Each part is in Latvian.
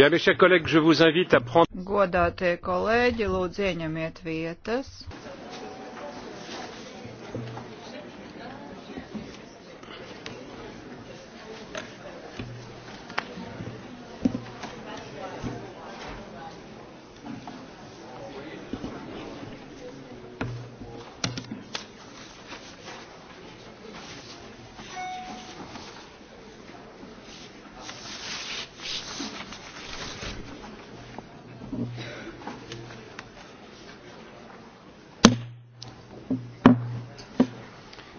Godātie kolēģi, lūdzu ieņemiet vietas.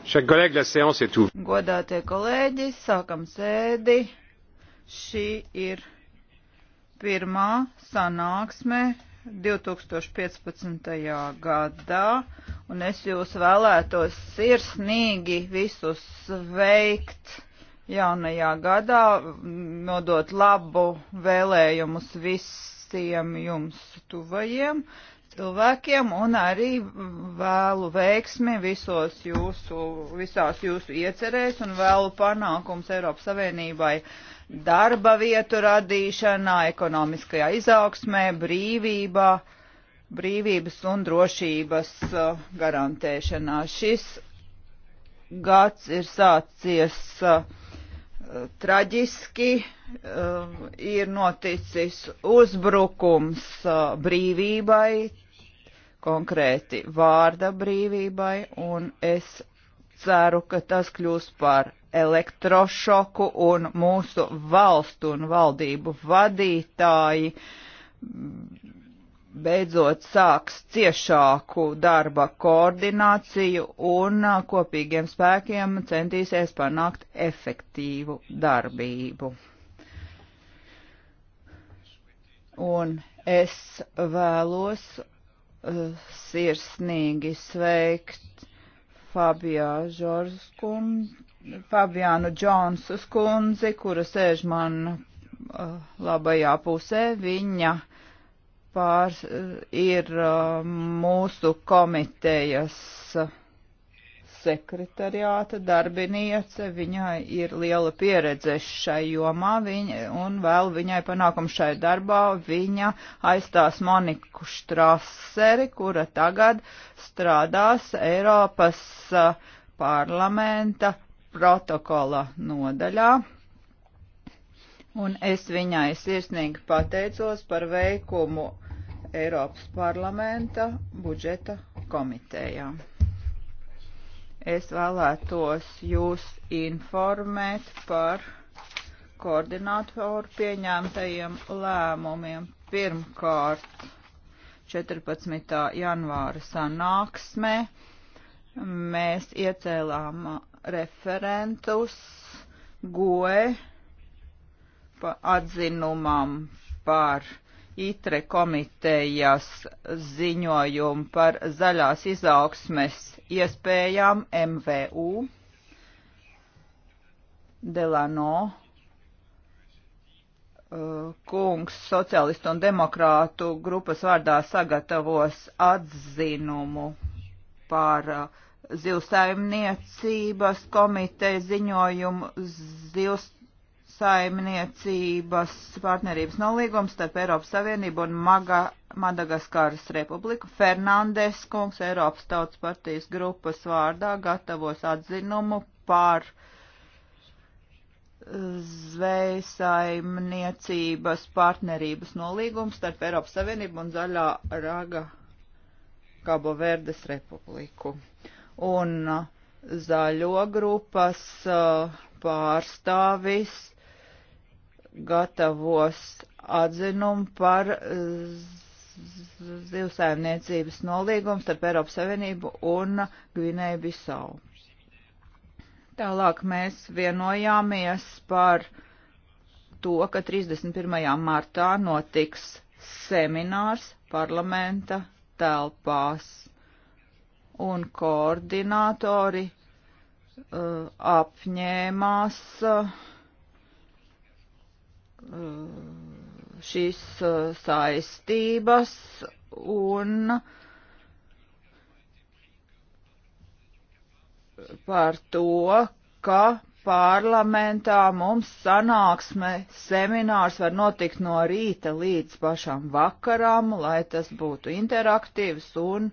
Godātie kolēģi, sākam sēdi. Šī ir pirmā sanāksme 2015. gadā, un es jūs vēlētos sirsnīgi visus sveikt jaunajā gadā, nodot labu vēlējumus visiem jums tuvajiem, cilvēkiem un arī vēlu veiksmi visos jūsu, visās jūsu iecerēs un vēlu panākums Eiropas Savienībai darba vietu radīšanā, ekonomiskajā izaugsmē, brīvībā, brīvības un drošības uh, garantēšanā. Šis gads ir sācies uh, traģiski um, ir noticis uzbrukums uh, brīvībai, konkrēti vārda brīvībai, un es ceru, ka tas kļūs par elektrošoku un mūsu valstu un valdību vadītāji beidzot sāks ciešāku darba koordināciju un kopīgiem spēkiem centīsies panākt efektīvu darbību. Un es vēlos uh, sirsnīgi sveikt Fabijā Žorskum, Fabiānu Džonsu skundzi, kura sēž man uh, labajā pusē. Viņa uh, pār, ir uh, mūsu komitejas sekretariāta darbiniece, viņai ir liela pieredze šai jomā, viņa, un vēl viņai panākums šai darbā, viņa aizstās Moniku Štraseri, kura tagad strādās Eiropas uh, parlamenta protokola nodaļā un es viņai sirsnīgi pateicos par veikumu Eiropas parlamenta budžeta komitejā. Es vēlētos jūs informēt par koordinātoru pieņemtajiem lēmumiem. Pirmkārt, 14. janvāra sanāksmē mēs iecēlām referentus GOE atzinumam par ITRE komitejas ziņojumu par zaļās izaugsmes iespējām MVU. Delano uh, kungs socialistu un demokrātu grupas vārdā sagatavos atzinumu par uh, zivsaimniecības komiteja ziņojumu zivs saimniecības partnerības nolīgums starp Eiropas Savienību un Maga, Madagaskaras Republiku. Fernandes kungs Eiropas Tautas partijas grupas vārdā gatavos atzinumu par zvejsaimniecības partnerības nolīgumu starp Eiropas Savienību un Zaļā Raga Kabo Verdes Republiku. Un uh, zaļo grupas uh, pārstāvis gatavos atzinumu par zivsaimniecības nolīgumu starp Eiropas Savienību un Gvinēju Bisau. Tālāk mēs vienojāmies par to, ka 31. martā notiks seminārs parlamenta telpās un koordinātori uh, apņēmās uh, Mm, šīs uh, saistības un par to, ka parlamentā mums sanāksme seminārs var notikt no rīta līdz pašam vakaram, lai tas būtu interaktīvs un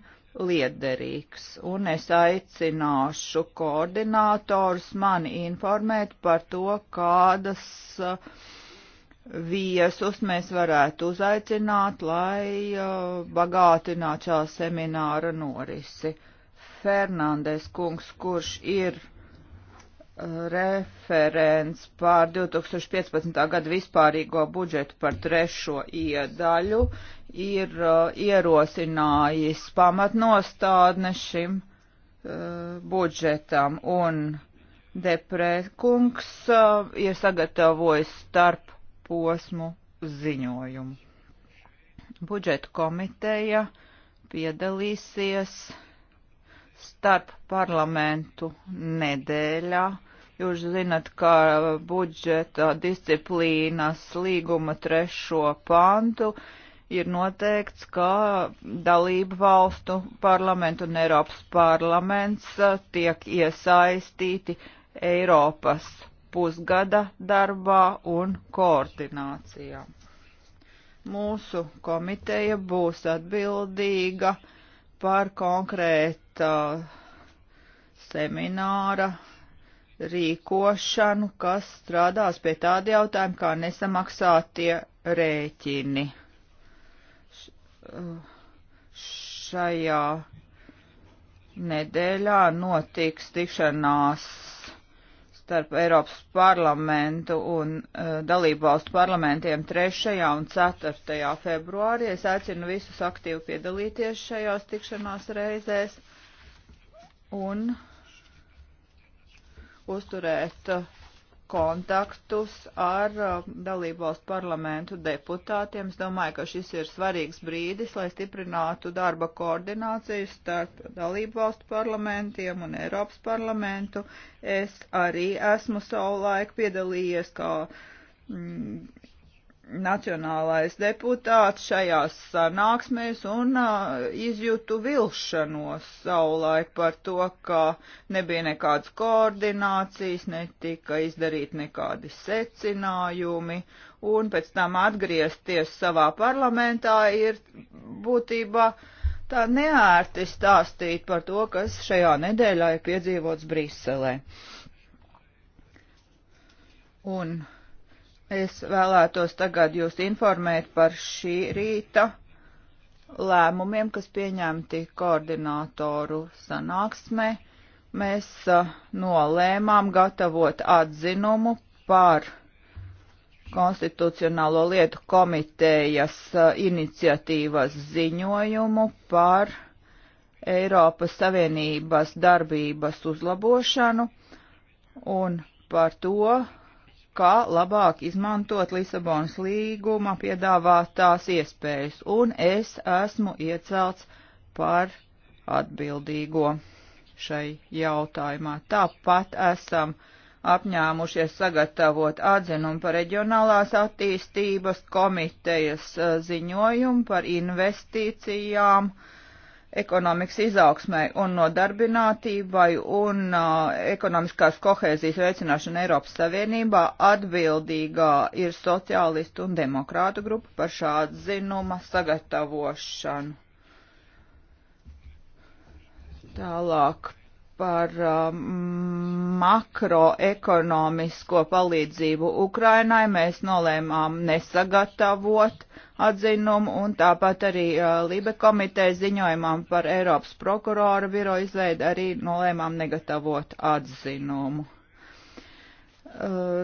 liederīgs. Un es aicināšu koordinātors mani informēt par to, kādas uh, viesus mēs varētu uzaicināt, lai uh, bagātinātu šā semināra norisi. Fernandes kungs, kurš ir uh, referents pār 2015. gada vispārīgo budžetu par trešo iedaļu, ir uh, ierosinājis pamatnostādne šim uh, budžetam, un Deprē kungs uh, ir sagatavojis starp posmu ziņojumu. Budžetu komiteja piedalīsies starp parlamentu nedēļā. Jūs zinat, ka budžeta disciplīnas līguma trešo pantu ir noteikts, ka dalību valstu parlamentu un Eiropas parlaments uh, tiek iesaistīti Eiropas pusgada darbā un koordinācijā. Mūsu komiteja būs atbildīga par konkrēta semināra rīkošanu, kas strādās pie tāda jautājuma, kā nesamaksātie rēķini. Šajā nedēļā notiks tikšanās starp Eiropas parlamentu un uh, dalību valstu parlamentiem 3. un 4. februārī. Es aicinu visus aktīvi piedalīties šajās tikšanās reizēs un uzturēt uh, kontaktus ar um, dalībvalstu parlamentu deputātiem. Es domāju, ka šis ir svarīgs brīdis, lai stiprinātu darba koordināciju starp dalībvalstu parlamentiem un Eiropas parlamentu. Es arī esmu savu laiku piedalījies kā mm, nacionālais deputāts šajās sanāksmēs un uh, izjūtu vilšanos savulaik par to, ka nebija nekādas koordinācijas, netika izdarīt nekādi secinājumi, un pēc tam atgriezties savā parlamentā ir būtībā tā neērti stāstīt par to, kas šajā nedēļā ir piedzīvots Briselē. Un Es vēlētos tagad jūs informēt par šī rīta lēmumiem, kas pieņemti koordinātoru sanāksmē. Mēs a, nolēmām gatavot atzinumu par Konstitucionālo lietu komitejas a, iniciatīvas ziņojumu par Eiropas Savienības darbības uzlabošanu un par to, kā labāk izmantot Lisabonas līguma piedāvātās iespējas, un es esmu iecelts par atbildīgo šai jautājumā. Tāpat esam apņēmušies sagatavot atzinumu par reģionālās attīstības komitejas eh, ziņojumu par investīcijām uh, ekonomikas izaugsmai un nodarbinātībai un uh, ekonomiskās kohēzijas veicināšana Eiropas Savienībā atbildīgā ir sociālistu un demokrātu grupa par šādu zinuma sagatavošanu. Tālāk par um, makroekonomisko palīdzību Ukrainai mēs nolēmām nesagatavot uh, atzinumu un tāpat arī Libe komitejas ziņojumam par Eiropas prokurora biro izveidu arī nolēmām negatavot atzinumu.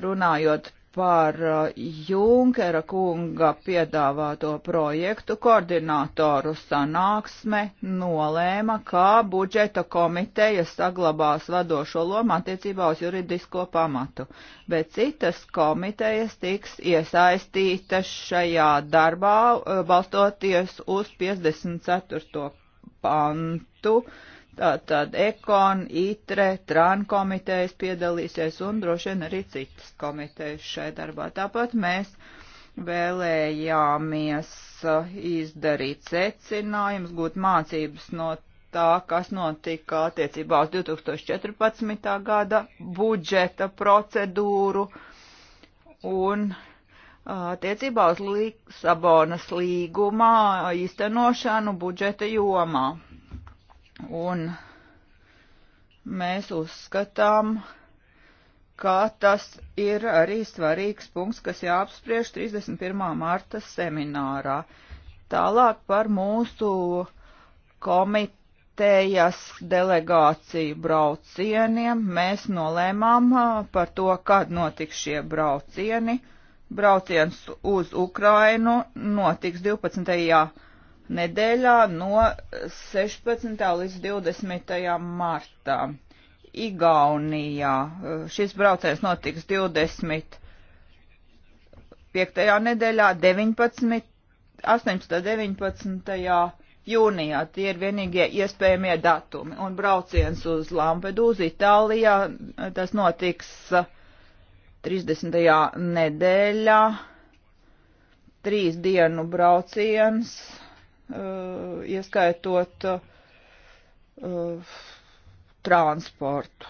Runājot par uh, Junkera kunga piedāvāto projektu koordinātoru sanāksme nolēma, kā budžeta komiteja saglabās vadošo lomu attiecībā uz juridisko pamatu, bet citas komitejas tiks iesaistītas šajā darbā uh, balstoties uz 54. pantu Tātad Ekon, ITRE, TRAN komitejas piedalīsies un droši vien arī citas komitejas šai darbā. Tāpat mēs vēlējāmies eh, izdarīt secinājumus, gūt mācības no tā, kas notika attiecībā uz 2014. gada budžeta procedūru un eh, attiecībā uz Lisabonas līgumā eh, īstenošanu budžeta jomā. Un mēs uzskatām, ka tas ir arī svarīgs punkts, kas jāapspriež 31. marta seminārā. Tālāk par mūsu komitejas delegāciju braucieniem mēs nolēmām par to, kad notiks šie braucieni. Brauciens uz Ukrainu notiks 12 nedēļā no 16. līdz 20. martā. Igaunijā šis brauciens notiks 20. 5. nedēļā 19, 18. 19. jūnijā. Tie ir vienīgie iespējamie datumi. Un brauciens uz Lampedūzu Itālijā, tas notiks 30. nedēļā. Trīs dienu brauciens Uh, ieskaitot uh, transportu.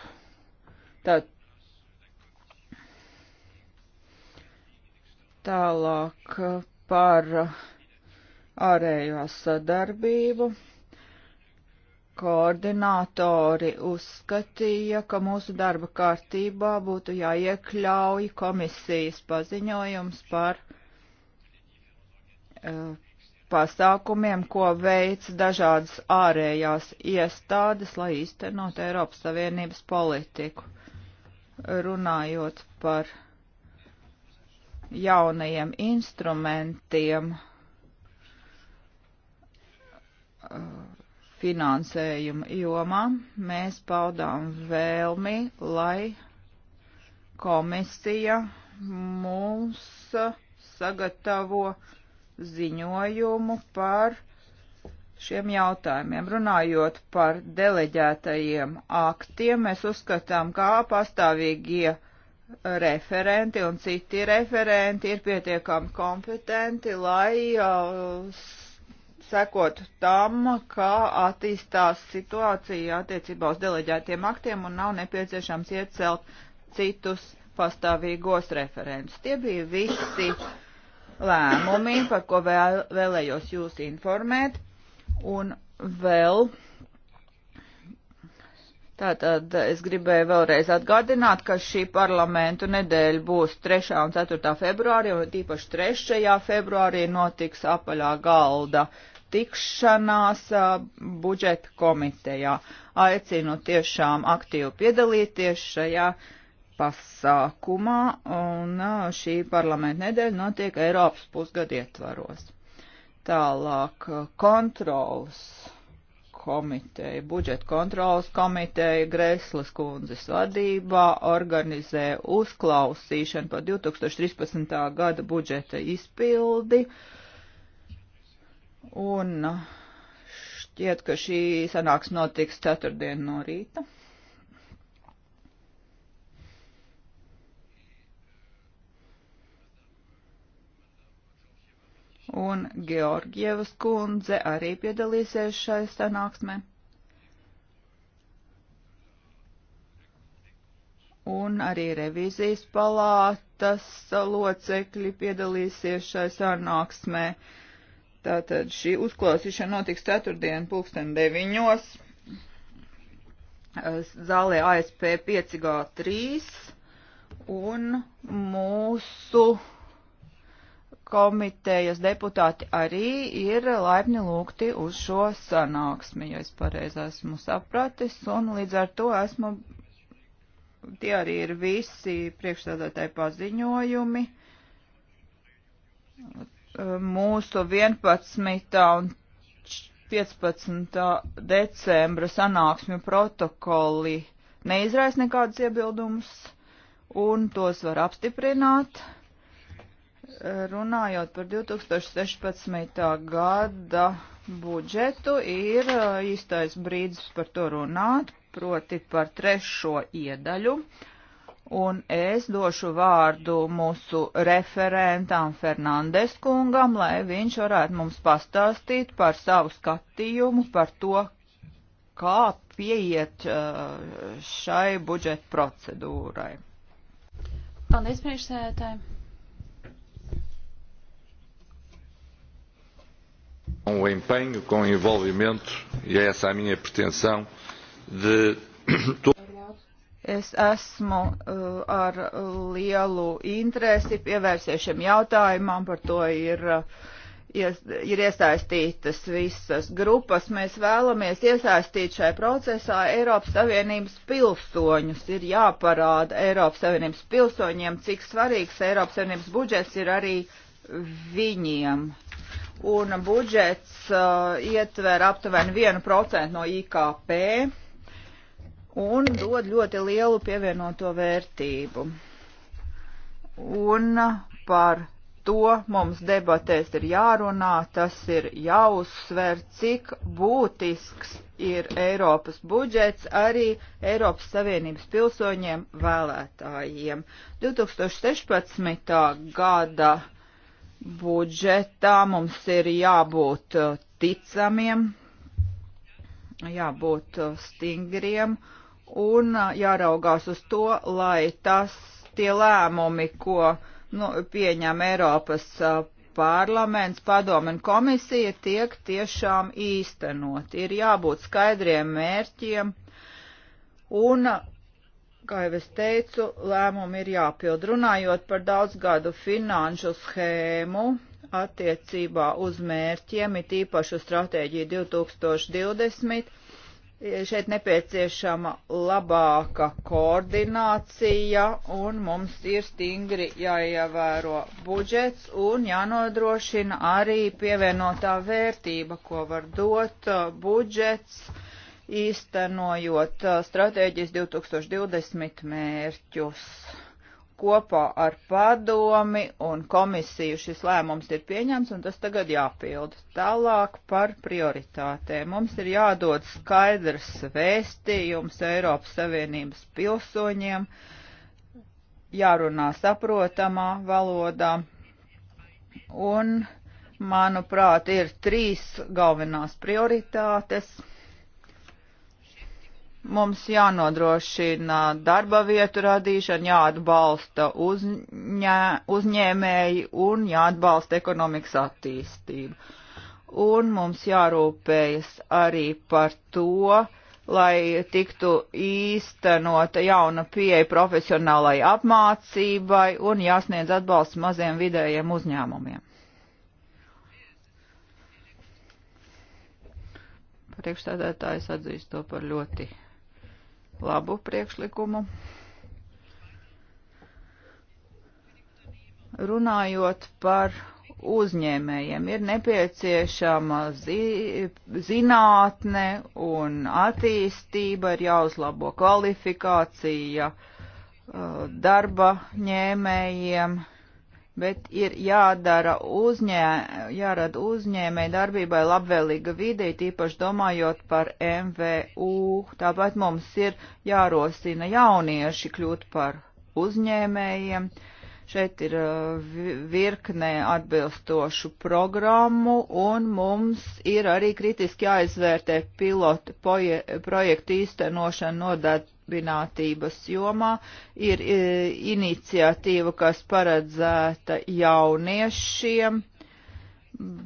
Tad tālāk par ārējo sadarbību. Koordinātori uzskatīja, ka mūsu darba kārtībā būtu jāiekļauj komisijas paziņojums par uh, pasākumiem, ko veic dažādas ārējās iestādes, lai īstenot Eiropas Savienības politiku. Runājot par jaunajiem instrumentiem eh, finansējuma jomā, mēs paudām vēlmi, lai komisija mums sagatavo ziņojumu par šiem jautājumiem. Runājot par deleģētajiem aktiem, mēs uzskatām, kā pastāvīgie referenti un citi referenti ir pietiekami kompetenti, lai uh, sekot tam, kā attīstās situācija attiecībā uz deleģētiem aktiem un nav nepieciešams iecelt citus pastāvīgos referents. Tie bija visi lēmumi, par ko vēl, vēlējos jūs informēt. Un vēl. Tātad es gribēju vēlreiz atgādināt, ka šī parlamentu nedēļa būs 3. un 4. februārī, un tīpaši 3. februārī notiks apaļā galda tikšanās budžeta komitejā. Aicinu tiešām aktīvi piedalīties šajā uh, pasākumā, un šī parlamenta nedēļa notiek Eiropas pusgadu ietvaros. Tālāk kontrolas komiteja, budžeta kontrolas komiteja Greslas kundzes vadībā organizē uzklausīšanu par 2013. gada budžeta izpildi, un šķiet, ka šī sanāks notiks ceturtdien no rīta. un Georgievas kundze arī piedalīsies šai sanāksmē. Un arī revīzijas palātas locekļi piedalīsies šai sanāksmē. Tātad šī uzklausīšana notiks ceturtdien pulksten deviņos zālē ASP 5G3 un mūsu komitejas deputāti arī ir laipni lūgti uz šo sanāksmi, ja es pareizi esmu sapratis, un līdz ar to esmu, tie arī ir visi priekšstādātāji paziņojumi. Mūsu 11. un 15. decembra sanāksmju protokoli neizraisa nekādus iebildumus, un tos var apstiprināt runājot par 2016. gada budžetu, ir uh, īstais brīdis par to runāt, proti par trešo iedaļu. Un es došu vārdu mūsu referentam Fernandes kungam, lai viņš varētu mums pastāstīt par savu skatījumu, par to, kā pieiet uh, šai budžeta procedūrai. Paldies, priekšsēdētāji! um empenho, com envolvimento, e é essa a minha pretensão, de. Es esmu uh, ar lielu interesi pievērsies šiem jautājumam, par to ir, uh, ies, ir iesaistītas visas grupas. Mēs vēlamies iesaistīt šai procesā Eiropas Savienības pilsoņus. Ir jāparāda Eiropas Savienības pilsoņiem, cik svarīgs Eiropas Savienības budžets ir arī viņiem un budžets uh, ietver aptuveni 1% no IKP un dod ļoti lielu pievienoto vērtību. Un par to mums debatēs ir jārunā, tas ir jāuzsver, cik būtisks ir Eiropas budžets arī Eiropas Savienības pilsoņiem vēlētājiem. 2016. gada budžetā mums ir jābūt uh, ticamiem, jābūt uh, stingriem un uh, jāraugās uz to, lai tas tie lēmumi, ko nu, pieņem Eiropas parlaments, padome un komisija, tiek tiešām īstenot. Ir jābūt skaidriem mērķiem un kā jau es teicu, lēmumi ir jāpild. Runājot par daudzgadu finanšu schēmu attiecībā uz mērķiem, it īpaši uz stratēģiju 2020, šeit nepieciešama labāka koordinācija un mums ir stingri jāievēro budžets un jānodrošina arī pievienotā vērtība, ko var dot uh, budžets īstenojot uh, stratēģijas 2020 mērķus. Kopā ar padomi un komisiju šis lēmums ir pieņemts un tas tagad jāpild. Tālāk par prioritātēm. Mums ir jādod skaidrs vēstījums Eiropas Savienības pilsoņiem, jārunā saprotamā valodā un, manuprāt, ir trīs galvenās prioritātes – Mums jānodrošina darba vietu radīšana, jāatbalsta uzņē, uzņēmēji un jāatbalsta ekonomikas attīstība. Un mums jārūpējas arī par to, lai tiktu īstenota jauna pieeja profesionālai apmācībai un jāsniedz atbalsts maziem vidējiem uzņēmumiem. Priekšstādētājs atzīst to par ļoti labu priekšlikumu. Runājot par uzņēmējiem, ir nepieciešama zi, zinātne un attīstība, ir jāuzlabo kvalifikācija uh, darba ņēmējiem bet ir jādara uzņē, jārada uzņēmē darbībai labvēlīga vide, tīpaši domājot par MVU. Tāpat mums ir jārosina jaunieši kļūt par uzņēmējiem. Šeit ir uh, virknē atbilstošu programmu un mums ir arī kritiski jāizvērtē pilotu projektu īstenošanu nodēt nodarbinātības jomā. Ir e, iniciatīva, kas paredzēta jauniešiem,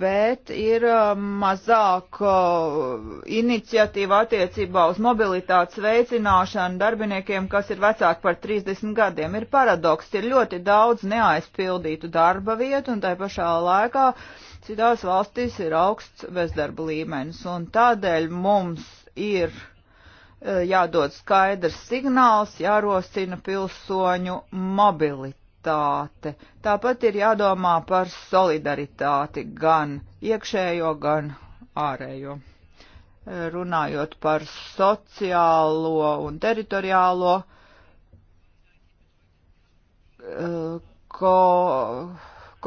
bet ir e, mazāk e, iniciatīva attiecībā uz mobilitātes veicināšanu darbiniekiem, kas ir vecāki par 30 gadiem. Ir paradoks, ir ļoti daudz neaizpildītu darba vietu un tai pašā laikā citās valstīs ir augsts bezdarba līmenis, un tādēļ mums ir Eh, jādod skaidrs signāls, jārosina pilsoņu mobilitāte. Tāpat ir jādomā par solidaritāti gan iekšējo, gan ārējo. Eh, runājot par sociālo un teritoriālo eh, ko,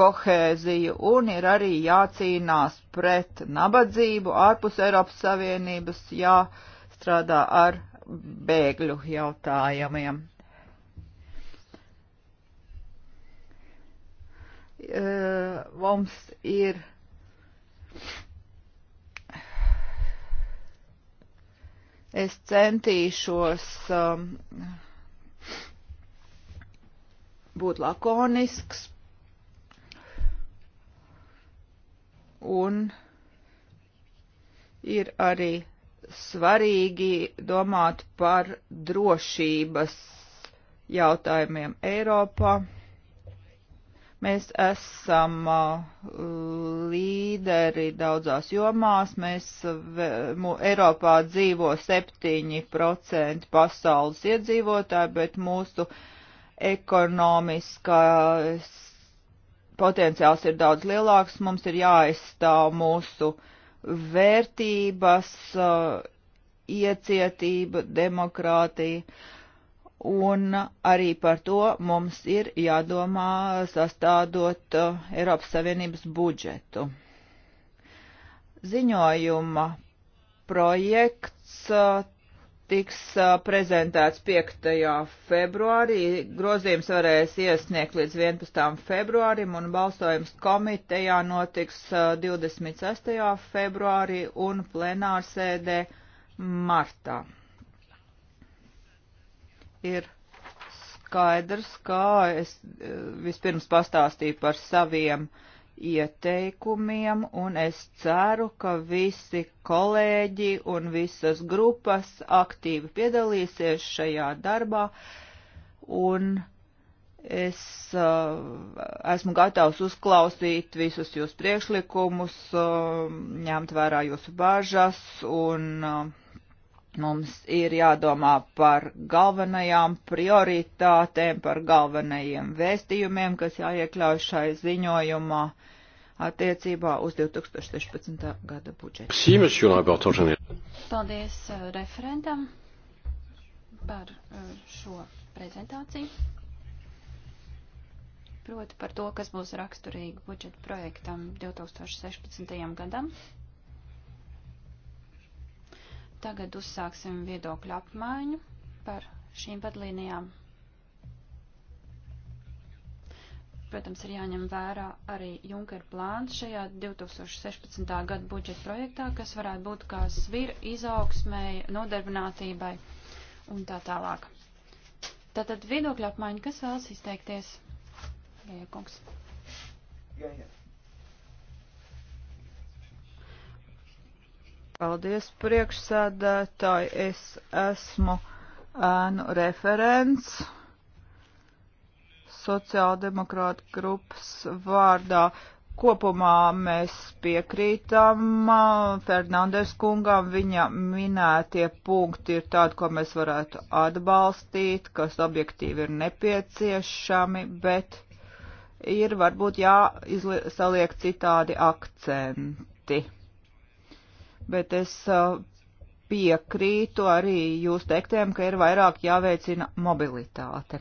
kohēziju un ir arī jācīnās pret nabadzību ārpus Eiropas Savienības, jā. Ja jāstrādā ar bēgļu jautājumiem. E, mums ir es centīšos um, būt lakonisks un ir arī svarīgi domāt par drošības jautājumiem Eiropā. Mēs esam uh, līderi daudzās jomās. Mēs Eiropā dzīvo 7% pasaules iedzīvotāji, bet mūsu ekonomiskais potenciāls ir daudz lielāks. Mums ir jāaizstāv mūsu uh, vērtības, uh, iecietība, demokrātija. Un arī par to mums ir jādomā sastādot uh, Eiropas Savienības budžetu. Ziņojuma projekts uh, tiks prezentēts 5. februārī. Grozījums varēs iesniegt līdz 11. februārim un balsojums komitejā notiks 26. februārī un plenārsēdē martā. Ir skaidrs, kā es vispirms pastāstīju par saviem uh, ieteikumiem, un es ceru, ka visi kolēģi un visas grupas aktīvi piedalīsies šajā darbā, un es uh, esmu gatavs uzklausīt visus jūs priekšlikumus, uh, ņemt vērā jūsu bāžas un uh, Mums ir jādomā par galvenajām prioritātēm, par galvenajiem vēstījumiem, kas jāiekļauj šai ziņojumā attiecībā uz 2016. gada budžetu. Paldies uh, referentam par uh, šo prezentāciju. Proti par to, kas būs raksturīgi budžeta projektam 2016. gadam. Tagad uzsāksim viedokļu apmaiņu par šīm vadlīnijām. Protams, ir jāņem vērā arī Junker plāns šajā 2016. gada budžeta projektā, kas varētu būt kā svira izaugsmēji, nodarbinātībai un tā tālāk. Tātad viedokļu apmaiņa, kas vēlas izteikties? Jā, jā, kungs. Jā, jā. Paldies, priekšsēdētāji. Es esmu ēnu referents sociāldemokrāta grupas vārdā. Kopumā mēs piekrītam Fernandes kungam, viņa minētie punkti ir tādi, ko mēs varētu atbalstīt, kas objektīvi ir nepieciešami, bet ir varbūt jāsaliek citādi akcenti bet es uh, piekrītu arī jūs teiktiem, ka ir vairāk jāveicina mobilitāte.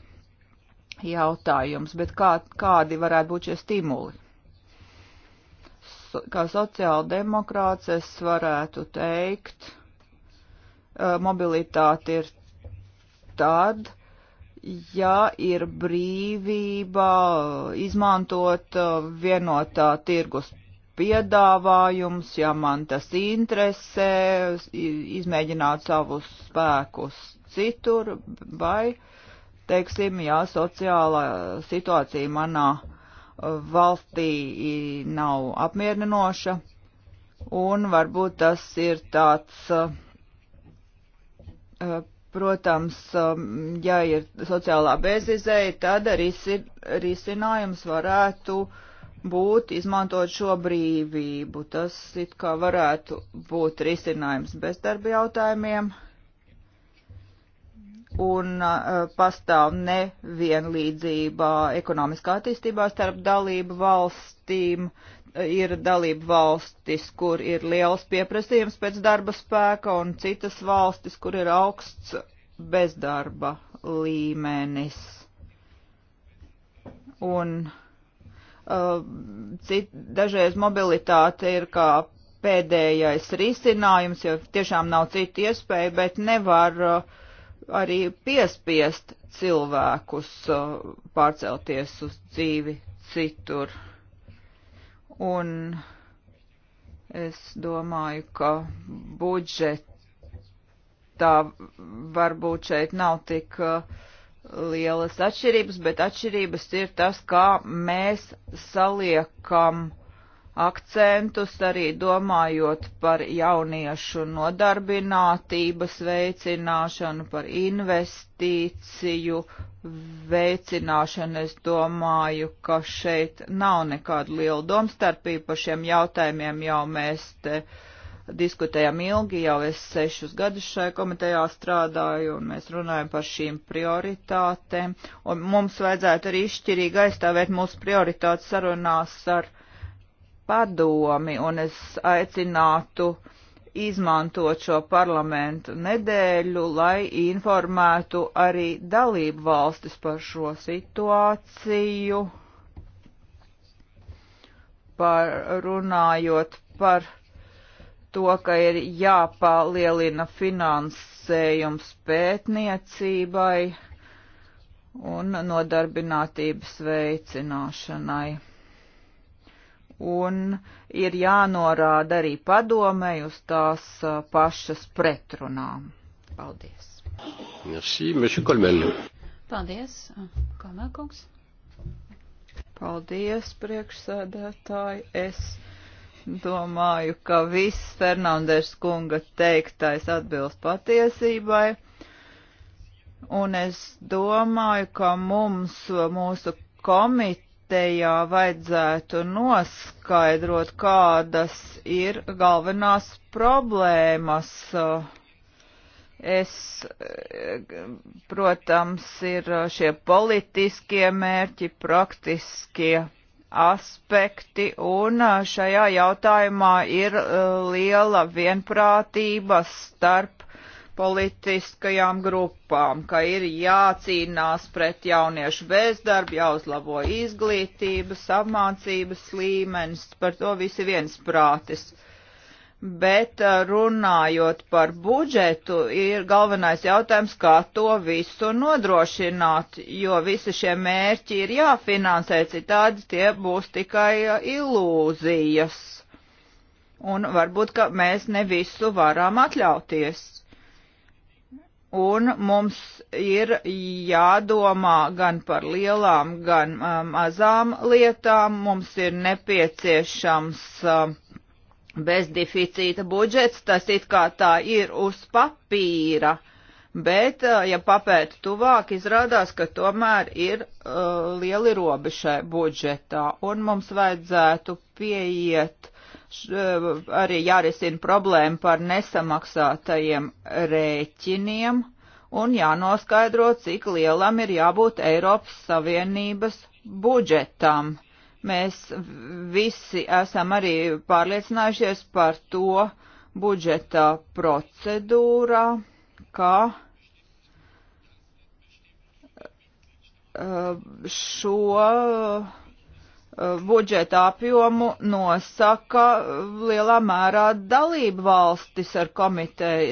Jautājums, bet kā, kādi varētu būt šie stimuli? Kā sociāldemokrāts es varētu teikt, uh, mobilitāte ir tad, ja ir brīvība izmantot uh, vienotā tirgus piedāvājums, ja man tas interesē, izmēģināt savus spēkus citur, vai, teiksim, ja sociālā situācija manā uh, valstī nav apmierinoša, un varbūt tas ir tāds, uh, uh, protams, um, ja ir sociālā bezizēja, tad risinājums varētu uh, būt izmantot šo brīvību. Tas it kā varētu būt risinājums bezdarba jautājumiem. Un uh, pastāv nevienlīdzība ekonomiskā attīstībā starp dalību valstīm. Ir dalība valstis, kur ir liels pieprasījums pēc darba spēka, un citas valstis, kur ir augsts bezdarba līmenis. Un uh, Uh, cit, dažreiz mobilitāte ir kā pēdējais risinājums, jo tiešām nav citu iespēju, bet nevar uh, arī piespiest cilvēkus uh, pārcelties uz dzīvi citur. Un es domāju, ka budžetā varbūt šeit nav tik uh, lielas atšķirības, bet atšķirības ir tas, kā mēs saliekam akcentus arī domājot par jauniešu nodarbinātības veicināšanu, par investīciju veicināšanu. Es domāju, ka šeit nav nekāda liela domstarpība par šiem jautājumiem, jau mēs te uh, diskutējam ilgi, jau es sešus gadus šajā komitejā strādāju, un mēs runājam par šīm prioritātēm, un mums vajadzētu arī izšķirīgi aizstāvēt mūsu prioritātes sarunās ar padomi, un es aicinātu izmantot šo parlamentu nedēļu, lai informētu arī dalību valstis par šo situāciju, par runājot par to, ka ir jāpalielina finansējums pētniecībai un nodarbinātības veicināšanai. Un ir jānorāda arī padomēji uz tās uh, pašas pretrunām. Paldies. Merci, monsieur Kolmel. Paldies, Kolmel kungs. Paldies, priekšsēdētāji. Es domāju, ka viss Fernandes kunga teiktais atbilst patiesībai. Un es domāju, ka mums, mūsu komitejā vajadzētu noskaidrot, kādas ir galvenās problēmas. Es, protams, ir šie politiskie mērķi, praktiskie aspekti, un šajā jautājumā ir liela vienprātība starp politiskajām grupām, ka ir jācīnās pret jauniešu bezdarbu, jāuzlabo izglītības, apmācības līmenis, par to visi viensprātis. prātis bet eh, runājot par budžetu, ir galvenais jautājums, kā to visu nodrošināt, jo visi šie mērķi ir jāfinansē, citādi tie būs tikai eh, ilūzijas. Un varbūt, ka mēs ne visu varam atļauties. Un mums ir jādomā gan par lielām, gan um, mazām lietām. Mums ir nepieciešams um, bezdeficīta budžets, tas it kā tā ir uz papīra, bet, ja papēta tuvāk, izrādās, ka tomēr ir uh, lieli robi šai budžetā, un mums vajadzētu pieiet š, arī jārisina problēma par nesamaksātajiem rēķiniem un jānoskaidro, cik lielam ir jābūt Eiropas Savienības budžetam Mēs visi esam arī pārliecinājušies par to budžeta procedūrā, ka eh, šo Eh, budžeta apjomu nosaka lielā mērā dalību valstis ar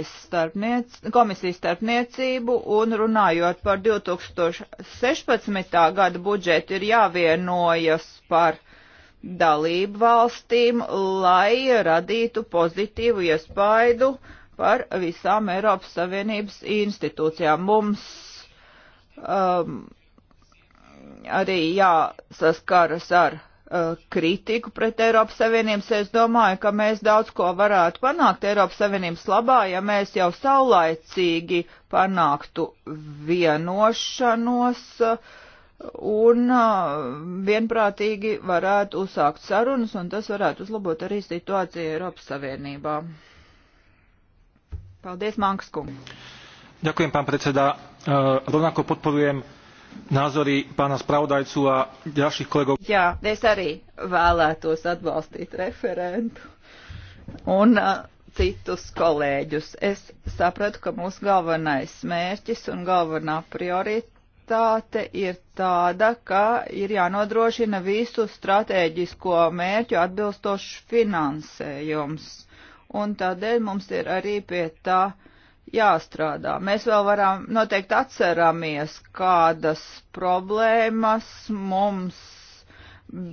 starpniec, komisijas starpniecību un runājot par 2016. gada budžetu ir jāvienojas par dalību valstīm, lai radītu pozitīvu iespaidu par visām Eiropas Savienības institūcijām. Mums um, arī jāsaskaras ar uh, kritiku pret Eiropas Savienības. Es domāju, ka mēs daudz ko varētu panākt Eiropas Savienības labā, ja mēs jau saulaicīgi panāktu vienošanos uh, un uh, vienprātīgi varētu uzsākt sarunas, un tas varētu uzlabot arī situāciju Eiropas Savienībā. Paldies, Mankskum. Ďakujem, pán predseda. Rovnako podporujem názory pána spravodajcu a ďalších kolegov. Jā, es arī vēlētos atbalstīt referentu un uh, citus kolēģus. Es sapratu, ka mūsu galvenais mērķis un galvenā prioritāte ir tāda, ka ir jānodrošina visu stratēģisko mērķu atbilstošs finansējums. Un tādēļ mums ir arī pie tā uh, jāstrādā. Mēs vēl varam noteikti atceramies, kādas problēmas mums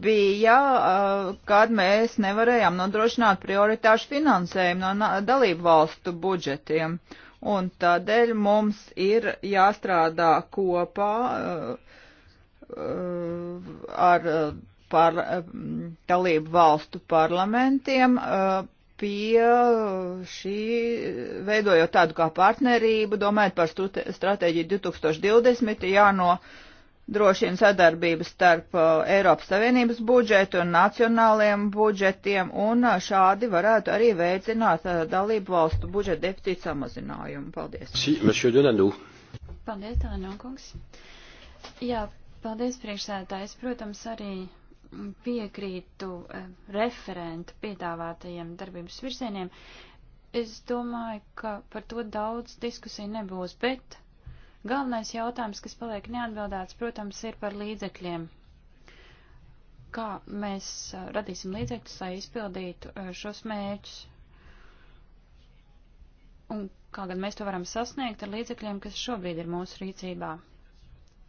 bija, uh, kad mēs nevarējām nodrošināt prioritāšu finansējumu no dalību valstu budžetiem. Un tādēļ mums ir jāstrādā kopā uh, uh, ar par, dalību valstu parlamentiem pie šī, veidojot tādu kā partnerību, domājot par stratēģiju 2020, jāno drošina sadarbības starp uh, Eiropas Savienības budžetu un nacionāliem budžetiem, un uh, šādi varētu arī veicināt uh, dalību valstu budžeta deficīta samazinājumu. Paldies. Si, paldies, Tānā kungs. Jā, paldies priekšsētājs. Protams, arī piekrītu eh, referenta piedāvātajiem darbības virzieniem. Es domāju, ka par to daudz diskusiju nebūs, bet galvenais jautājums, kas paliek neatbildēts, protams, ir par līdzekļiem. Kā mēs eh, radīsim līdzekļus, lai izpildītu eh, šos mērķus? Un kā gan mēs to varam sasniegt ar līdzekļiem, kas šobrīd ir mūsu rīcībā?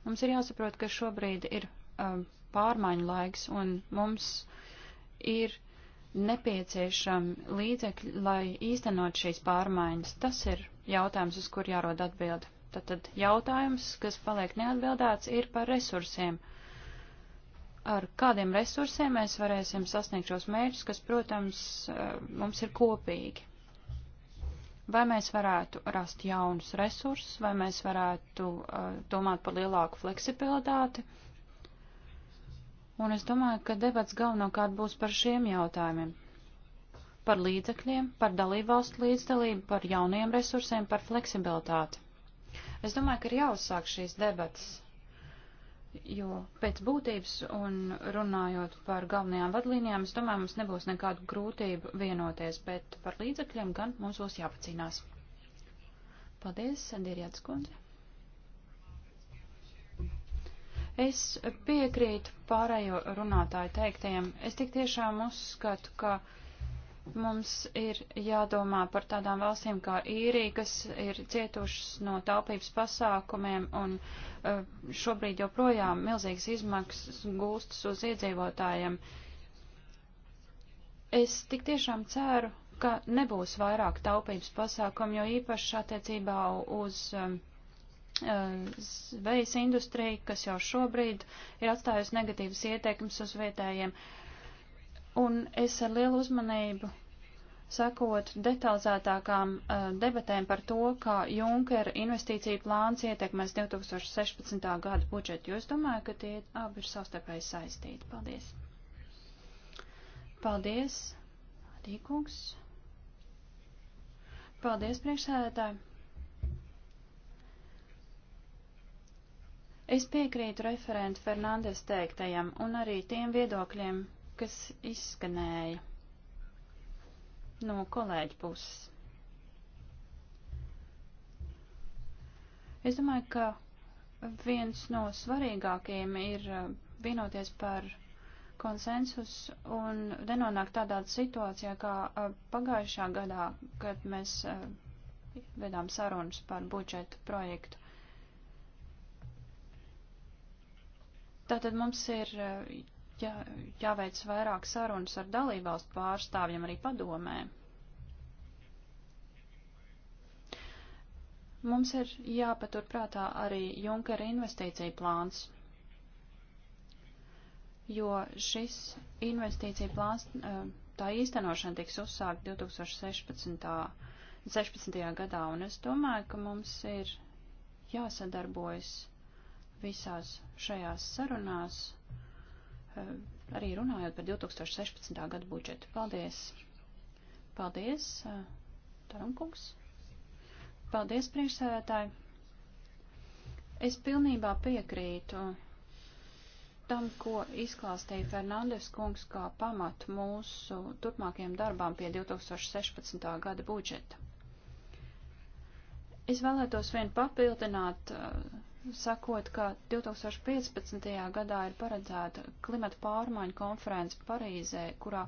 Mums ir jāsaprot, ka šobrīd ir um, pārmaiņu laiks, un mums ir nepieciešami līdzekļi, lai īstenot šīs pārmaiņas. Tas ir jautājums, uz kur jārod atbildi. Tātad jautājums, kas paliek neatbildēts, ir par resursiem. Ar kādiem resursiem mēs varēsim sasniegt šos mērķus, kas, protams, eh, mums ir kopīgi? Vai mēs varētu rast jaunus resursus, vai mēs varētu uh, domāt par lielāku fleksibilitāti? Uh, un es domāju, ka debats galvenokārt būs par šiem jautājumiem. Par līdzekļiem, par dalībvalstu līdzdalību, par jauniem resursiem, par fleksibilitāti. Es domāju, ka ir jāuzsāk šīs debatas, jo pēc būtības un runājot par galvenajām vadlīnijām, es domāju, mums nebūs nekādu grūtību vienoties, bet par līdzekļiem gan mums būs jāpacīnās. Paldies, Dirjāts kundze. Es piekrītu pārējo runātāju teiktajiem. Es tik tiešām uzskatu, ka mums ir jādomā par tādām valstīm kā īrija, kas ir cietušas no taupības pasākumiem un eh, šobrīd joprojām milzīgas izmaksas gūstas uz iedzīvotājiem. Es tik tiešām ceru, ka nebūs vairāk taupības pasākumu, jo īpaši attiecībā uz um, zvejas eh, industrija, kas jau šobrīd ir atstājusi negatīvas ieteikums uz vietējiem. Un es ar lielu uzmanību sakot detalizētākām uh, debatēm par to, kā Junker investīcija plāns ietekmēs 2016. gada budžetu, jo es domāju, ka tie abi ir savstarpēji saistīti. Paldies! Paldies, Rīkungs! Paldies, priekšsēdētāji! Es piekrītu referentu Fernandes teiktajam un arī tiem viedokļiem, kas izskanēja no kolēģa puses. Es domāju, ka viens no svarīgākajiem ir uh, vienoties par konsensus un nenonākt tādā situācijā kā uh, pagājušā gadā, kad mēs uh, vedām sarunas par budžeta projektu. Tātad mums ir eh, jā, jāveic vairāk sarunas ar dalībvalstu pārstāvjiem arī padomē. Mums ir jāpaturprātā arī Junkera investīcija plāns, jo šis investīcija plāns, eh, tā īstenošana tiks uzsākt 2016. 16. gadā, un es domāju, ka mums ir jāsadarbojas visās šajās sarunās, eh, arī runājot par 2016. gadu budžetu. Paldies! Paldies, eh, Tarunkungs! Paldies, priekšsēdētāji! Es pilnībā piekrītu tam, ko izklāstīja Fernandes kungs kā pamat mūsu turpmākajiem darbām pie 2016. gada budžeta. Es vēlētos vien papildināt uh, sakot, ka 2015. gadā ir paredzēta klimata pārmaiņu konference Parīzē, kurā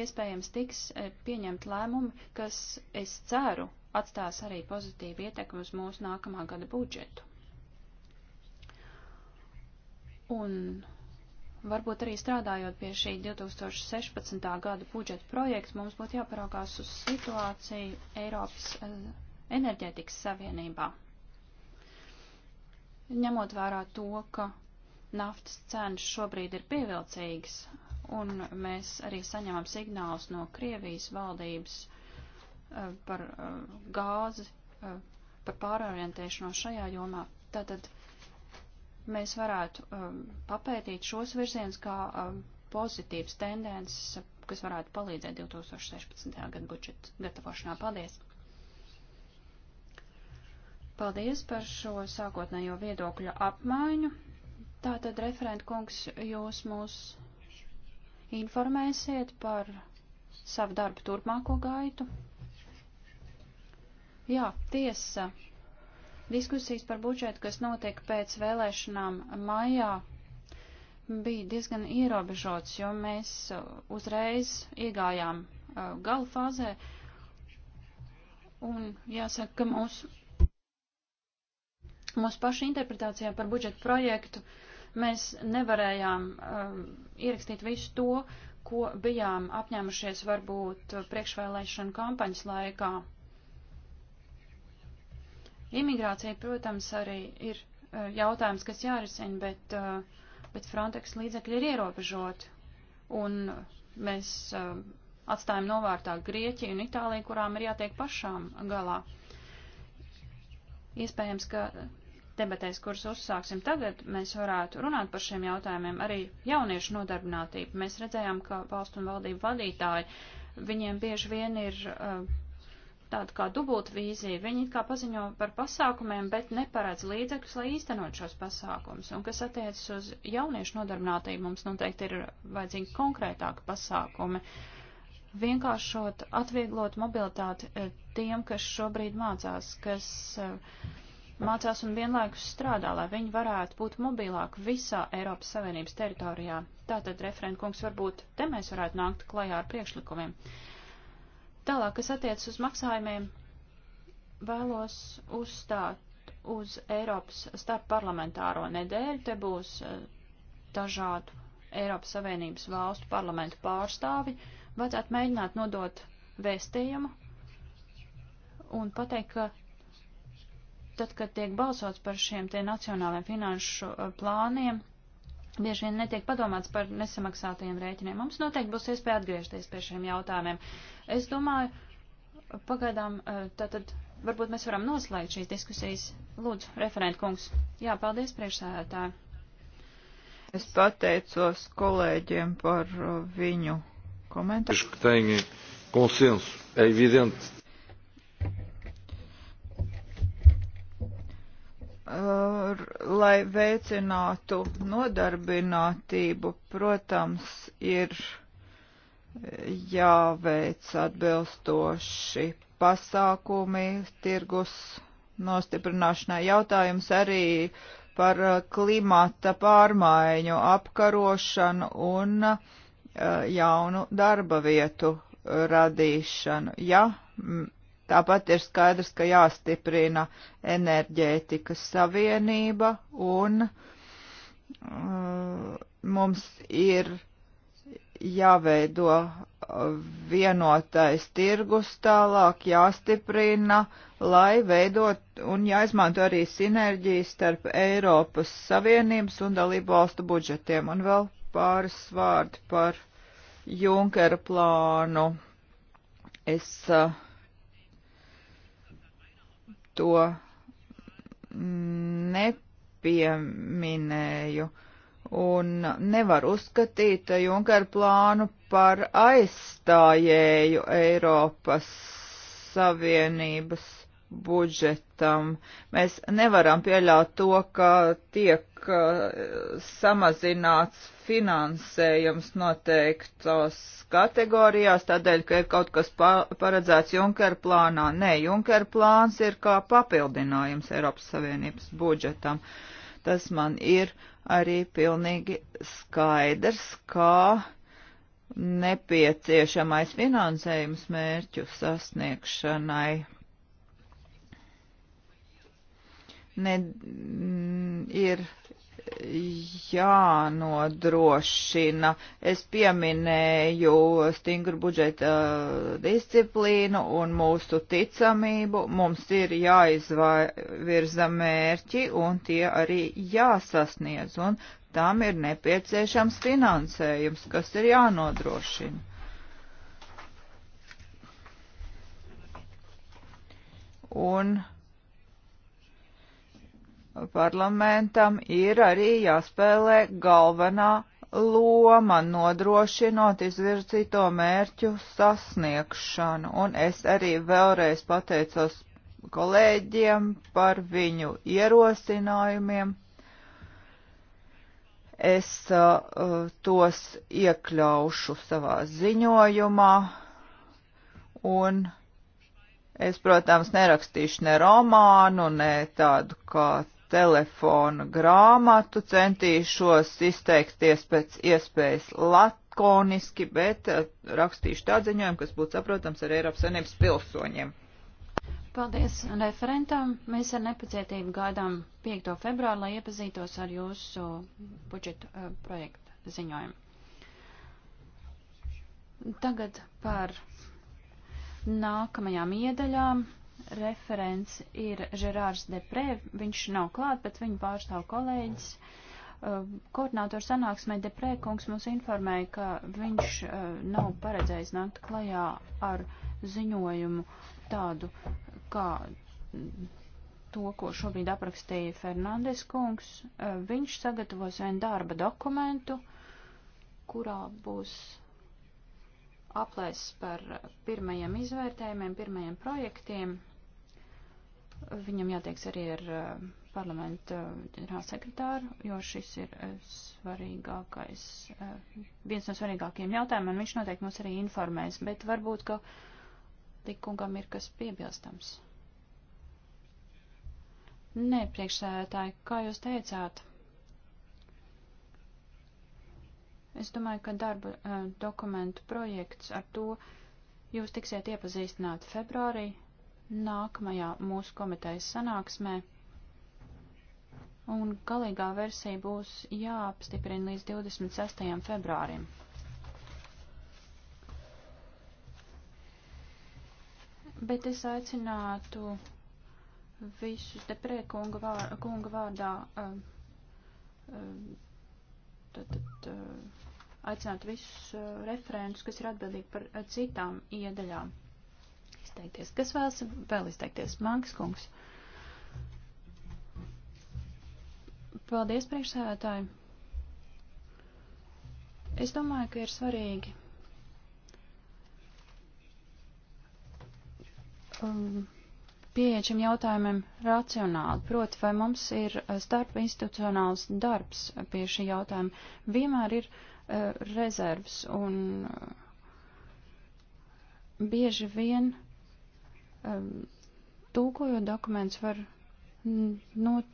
iespējams tiks e, pieņemt lēmumi, kas, es ceru, atstās arī pozitīvu ietekmi uz mūsu nākamā gada budžetu. Un varbūt arī strādājot pie šī 2016. gada budžeta projekta, mums būtu jāparaugās uz situāciju Eiropas e, enerģētikas savienībā ņemot vērā to, ka naftas cenas šobrīd ir pievilcīgas, un mēs arī saņemam signālus no Krievijas valdības eh, par eh, gāzi, eh, par pārorientēšanos šajā jomā. Tātad mēs varētu papētīt šos virzienus kā pozitīvas tendences, kas varētu palīdzēt 2016. gadu budžetu gatavošanā. Paldies! Paldies par šo sākotnējo viedokļu apmaiņu. Tātad, referent kungs, jūs mūs informēsiet par savu darbu turpmāko gaitu. Jā, tiesa. Diskusijas par budžetu, kas notiek pēc vēlēšanām maijā, bija diezgan ierobežots, jo mēs uh, uzreiz iegājām uh, gala fāzē. Un jāsaka, ka mūsu ka mūsu pašu interpretācijā par budžetu projektu mēs nevarējām um, ierakstīt visu to, ko bijām apņēmušies varbūt priekšvēlēšana kampaņas laikā. Imigrācija, protams, arī ir uh, jautājums, kas jārisina, bet, uh, bet Frontex līdzekļi ir ierobežoti. Un mēs uh, atstājam novārtā Grieķiju un Itāliju, kurām ir jātiek pašām galā. Iespējams, ka debatēs, kuras uzsāksim tagad, mēs varētu runāt par šiem jautājumiem, arī jauniešu nodarbinātību. Mēs redzējām, ka valstu un valdību vadītāji, viņiem bieži vien ir uh, tāda kā dubult vīzija. Viņi kā paziņo par pasākumiem, bet neparādz līdzekļus, lai īstenot šos pasākumus. Un kas attiecas uz jauniešu nodarbinātību, mums noteikti ir vajadzīgi konkrētāki pasākumi. Vienkāršot, atvieglot mobilitāti eh, tiem, kas šobrīd mācās, kas uh, mācās un vienlaikus strādā, lai viņi varētu būt mobilāki visā Eiropas Savienības teritorijā. Tātad, referentkungs, varbūt te mēs varētu nākt klajā ar priekšlikumiem. Tālāk, kas attiec uz maksājumiem, vēlos uzstāt uz Eiropas starpparlamentāro nedēļu. Te būs eh, dažādu Eiropas Savienības valstu parlamentu pārstāvi. Vajadzētu mēģināt nodot vēstījumu un pateikt, ka tad, kad tiek balsots par šiem tie nacionālajiem finanšu uh, plāniem, bieži vien netiek padomāts par nesamaksātajiem rēķiniem. Mums noteikti būs iespēja atgriezties pie šiem jautājumiem. Es domāju, pagaidām uh, tātad varbūt mēs varam noslēgt šīs diskusijas. Lūdzu, referent kungs. Jā, paldies priekšsēdētāji. Es pateicos kolēģiem par uh, viņu komentāru. Consenso, é evidente lai veicinātu nodarbinātību, protams, ir jāveic atbilstoši pasākumi tirgus nostiprināšanai. Jautājums arī par uh, klimata pārmaiņu apkarošanu un uh, jaunu darba vietu radīšanu. Ja Tāpat ir skaidrs, ka jāstiprina enerģētikas savienība un uh, mums ir jāveido vienotais tirgus tālāk, jāstiprina, lai veidot un jāizmanto arī sinerģijas starp Eiropas Savienības un dalību valstu budžetiem. Un vēl pāris vārdi par Junkera plānu. Es uh, to nepieminēju un nevar uzskatīt Junkera plānu par aizstājēju Eiropas Savienības budžetam. Mēs nevaram pieļaut to, ka tiek eh, samazināts finansējums noteiktos kategorijās, tādēļ, ka ir kaut kas pa paredzēts Junker plānā. Nē, Junker plāns ir kā papildinājums Eiropas Savienības budžetam. Tas man ir arī pilnīgi skaidrs, kā nepieciešamais finansējums mērķu sasniegšanai ne, ir jānodrošina. Es pieminēju stingru budžeta uh, disciplīnu un mūsu ticamību. Mums ir jāizvirza mērķi un tie arī jāsasniedz. Un tam ir nepieciešams finansējums, kas ir jānodrošina. Un parlamentam ir arī jāspēlē galvenā loma nodrošinot izvirzīto mērķu sasniegšanu. Un es arī vēlreiz pateicos kolēģiem par viņu ierosinājumiem. Es uh, tos iekļaušu savā ziņojumā un es, protams, nerakstīšu ne romānu, ne tādu kā telefonu grāmatu, centīšos izteikties pēc iespējas lakoniski, bet eh, rakstīšu tā ziņojumu, kas būtu saprotams ar Eiropas Savienības pilsoņiem. Paldies referentam. Mēs ar nepacietību gaidām 5. februāru, lai iepazītos ar jūsu budžetu uh, eh, projektu ziņojumu. Tagad par nākamajām iedaļām. Referents ir Žerārs Deprē, viņš nav klāt, bet viņu pārstāv kolēģis. Uh, Koordinātors sanāksmē Deprē kungs mums informēja, ka viņš uh, nav paredzējis nākt klajā ar ziņojumu tādu, kā to, ko šobrīd aprakstīja Fernandes kungs, uh, viņš sagatavos vienu darba dokumentu, kurā būs aplēses par pirmajiem izvērtējumiem, pirmajiem projektiem. Viņam jātieks arī ar eh, parlamenta eh, ģenerālsekretāru, jo šis ir eh, svarīgākais, viens no svarīgākajiem jautājumiem, un viņš noteikti mums arī informēs, bet varbūt, ka likungam ir kas piebilstams. Nē, priekšsēdētāji, kā jūs teicāt? Es domāju, ka darba uh, dokumentu projekts ar to jūs tiksiet iepazīstināti februārī nākamajā mūsu komitejas sanāksmē. Un galīgā versija būs jāapstiprina līdz 26. februārim. Bet es aicinātu visus te priekunga vār, kunga vārdā. Uh, uh, tad, tad, uh, aicināt visus uh, referentus, kas ir atbildīgi par uh, citām iedaļām, izteikties. Kas vēlas vēl izteikties? Mankas kungs. Paldies, priekšsēdētāji. Es domāju, ka ir svarīgi. Um, pieeja šim jautājumam racionāli, proti, vai mums ir uh, starp institucionāls darbs pie šī jautājuma. Vienmēr ir uh, Eh, rezervs un eh, bieži vien eh, tūkojot dokumentus var, not,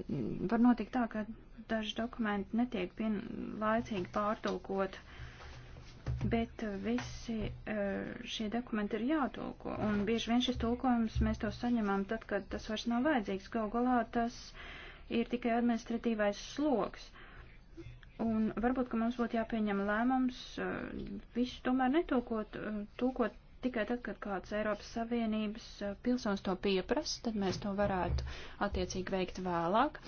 var notikt tā, ka daži dokumenti netiek pien, laicīgi pārtulkot, bet visi šie dokumenti ir jātulko. Un bieži vien šis tulkojums mēs to saņemam tad, kad tas vairs nav vajadzīgs. Galu galā tas ir tikai administratīvais sloks. Uh, Un varbūt, ka mums būtu jāpieņem lēmums eh, visu tomēr netūkot, eh, tūkot tikai tad, kad kāds Eiropas Savienības eh, pilsons to pieprasa, tad mēs to varētu attiecīgi veikt vēlāk.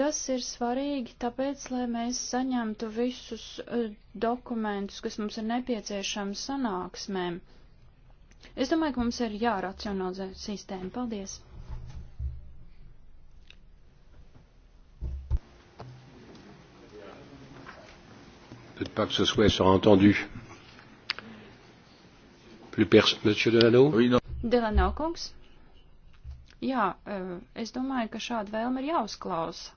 Tas ir svarīgi, tāpēc, lai mēs saņemtu visus dokumentus, kas mums ir nepieciešami sanāksmēm. Es domāju, ka mums ir jāracionalizē sistēma. Paldies! pas que ce souhait sera entendu. Plus pers Monsieur Delano? Oui, no. Delano kungs? Jā, eh, es domāju, ka šāda vēlme ir jāuzklausa.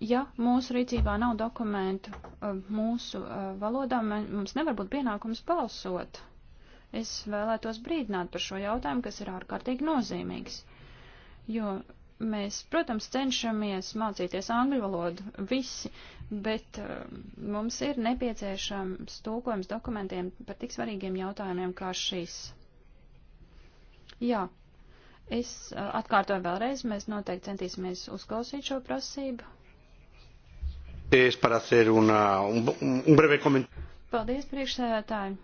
Ja mūsu rīcībā nav dokumentu eh, mūsu eh, valodā, mums nevar būt pienākums balsot. Es vēlētos brīdināt par šo jautājumu, kas ir ārkārtīgi nozīmīgs, jo mēs, protams, cenšamies mācīties angļu valodu visi, bet uh, mums ir nepieciešams tulkojums dokumentiem par tik svarīgiem jautājumiem kā šīs. Jā, es uh, atkārtoju vēlreiz, mēs noteikti centīsimies uzklausīt šo prasību. Paldies, priekšsēdētāji!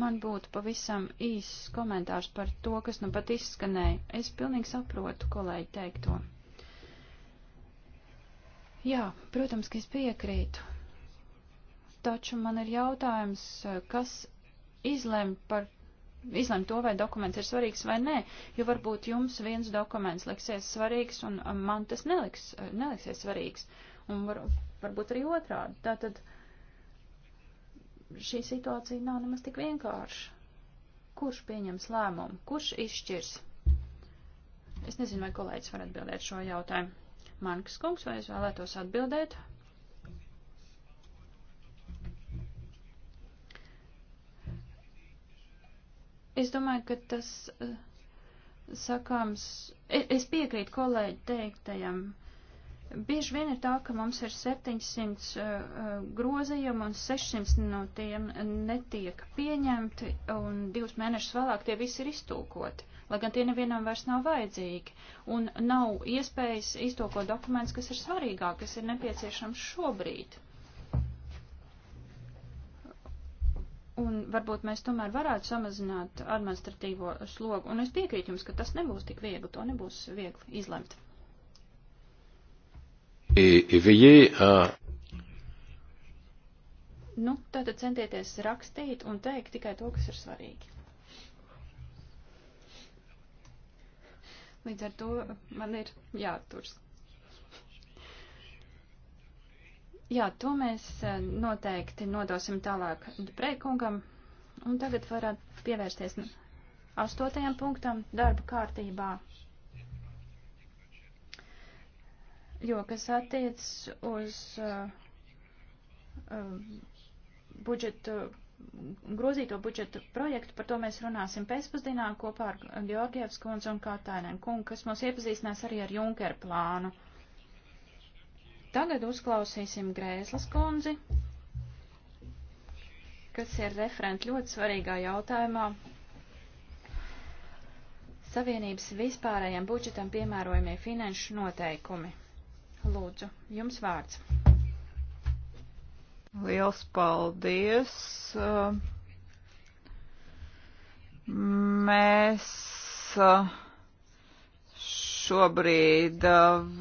Man būtu pavisam īss komentārs par to, kas nu pat izskanēja. Es pilnīgi saprotu kolēģi teikto. Jā, protams, ka es piekrītu. Taču man ir jautājums, kas izlem par izlemt to, vai dokuments ir svarīgs vai nē, jo varbūt jums viens dokuments liksies svarīgs un man tas neliks, neliksies svarīgs. Un var, varbūt arī otrādi. Tātad šī situācija nav nemaz tik vienkārša. Kurš pieņems lēmumu? Kurš izšķirs? Es nezinu, vai kolēģis var atbildēt šo jautājumu. Mankas kungs, vai es vēlētos atbildēt? Es domāju, ka tas eh, sakāms, e, es piekrītu kolēģi teiktajam Bieži vien ir tā, ka mums ir 700 uh, uh grozījumu un 600 no tiem netiek pieņemti un divus mēnešus vēlāk tie visi ir iztūkoti, lai gan tie nevienam vairs nav vajadzīgi un nav iespējas iztūkot dokumentus, kas ir svarīgāk, kas ir nepieciešams šobrīd. un varbūt mēs tomēr varētu samazināt administratīvo slogu. Un es piekrītu jums, ka tas nebūs tik viegli, to nebūs viegli izlemt et, et veillez à. Nu, tātad centieties rakstīt un teikt tikai to, kas ir svarīgi. Līdz ar to man ir jāatturas. Jā, to mēs e, noteikti nodosim tālāk Duprēkungam. Un tagad varat pievērsties astotajam punktam darba kārtībā. jo kas attiec uz uh, uh, budžetu, grozīto budžetu projektu, par to mēs runāsim pēcpusdienā kopā ar Georgievs kundzu un Kātainen kungu, kas mūs iepazīstinās arī ar Junker plānu. Tagad uzklausīsim Grēzlas kundzi, kas ir referenti ļoti svarīgā jautājumā Savienības vispārējiem budžetam piemērojamie finanšu noteikumi. Lūdzu, jums vārds. Liels paldies. Mēs šobrīd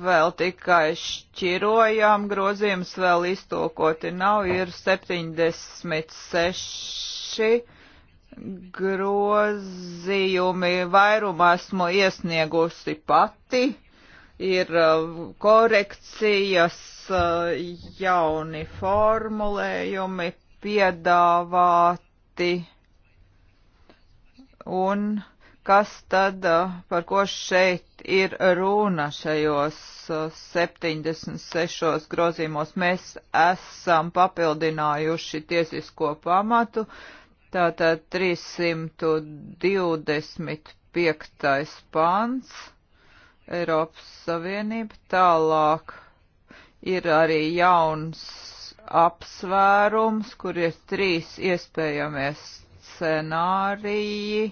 vēl tikai šķirojām grozījumus, vēl iztokoti nav, ir 76 grozījumi, vairumu esmu iesniegusi pati ir uh, korekcijas, uh, jauni formulējumi piedāvāti un kas tad, uh, par ko šeit ir runa šajos 76 grozīmos. Mēs esam papildinājuši tiesisko pamatu, tātad 325. pants Eiropas Savienība. Tālāk ir arī jauns apsvērums, kur ir trīs iespējamie scenāriji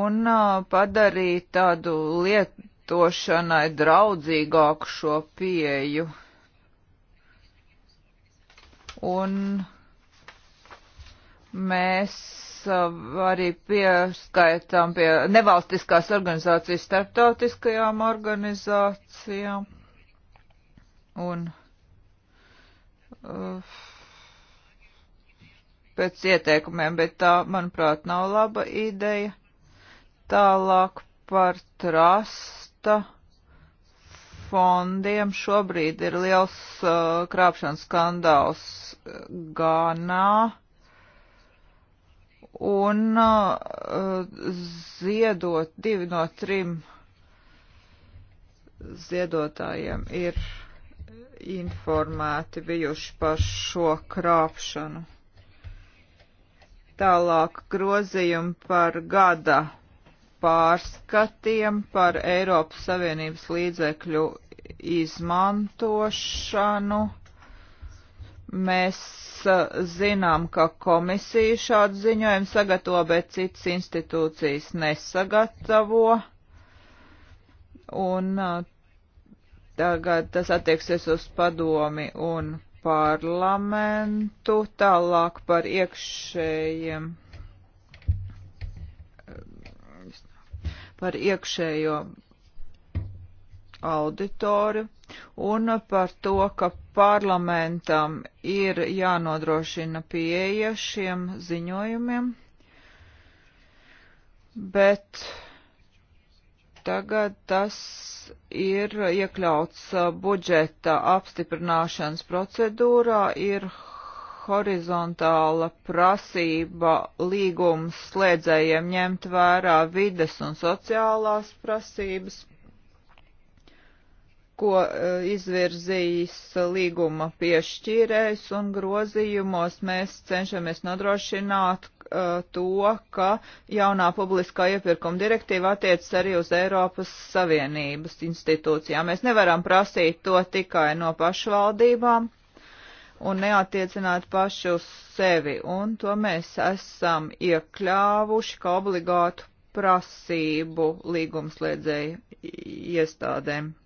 un padarīt tādu lietošanai draudzīgāku šo pieju. Un mēs Uh, arī pieskaitām pie nevalstiskās organizācijas starptautiskajām organizācijām. Un uh, pēc ieteikumiem, bet tā, manuprāt, nav laba ideja. Tālāk par trasta fondiem šobrīd ir liels uh, krāpšanas skandāls Ganā un uh, ziedot divi no trim ziedotājiem ir informēti bijuši par šo krāpšanu. Tālāk grozījumi par gada pārskatiem par Eiropas Savienības līdzekļu izmantošanu Mēs eh, zinām, ka komisija šādu ziņojumu sagatavo, bet citas institūcijas nesagatavo. Un eh, tagad tas attieksies uz padomi un parlamentu, tālāk par iekšējiem, eh, par iekšējo auditori un par to, ka parlamentam ir jānodrošina pieeja šiem ziņojumiem, bet tagad tas ir iekļauts budžeta apstiprināšanas procedūrā, ir horizontāla prasība līgums slēdzējiem ņemt vērā vides un sociālās prasības ko eh, izvirzījis līguma piešķīrējs un grozījumos mēs cenšamies nodrošināt uh, to, ka jaunā publiskā iepirkuma direktīva attiecas arī uz Eiropas Savienības institūcijām. Mēs nevaram prasīt to tikai no pašvaldībām un neatiecināt pašu sevi, un to mēs esam iekļāvuši kā obligātu prasību līgumslēdzēju iestādēm.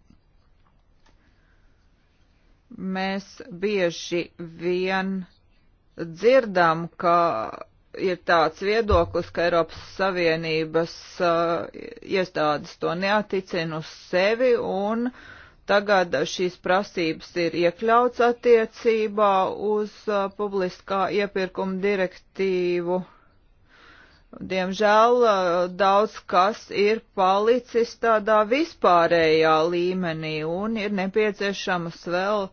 Mēs bieži vien dzirdam, ka ir tāds viedoklis, ka Eiropas Savienības uh, iestādes to neaticina uz sevi un tagad šīs prasības ir iekļauts attiecībā uz uh, publiskā iepirkuma direktīvu. Uh, Diemžēl daudz kas ir palicis tādā vispārējā līmenī un ir nepieciešamas vēl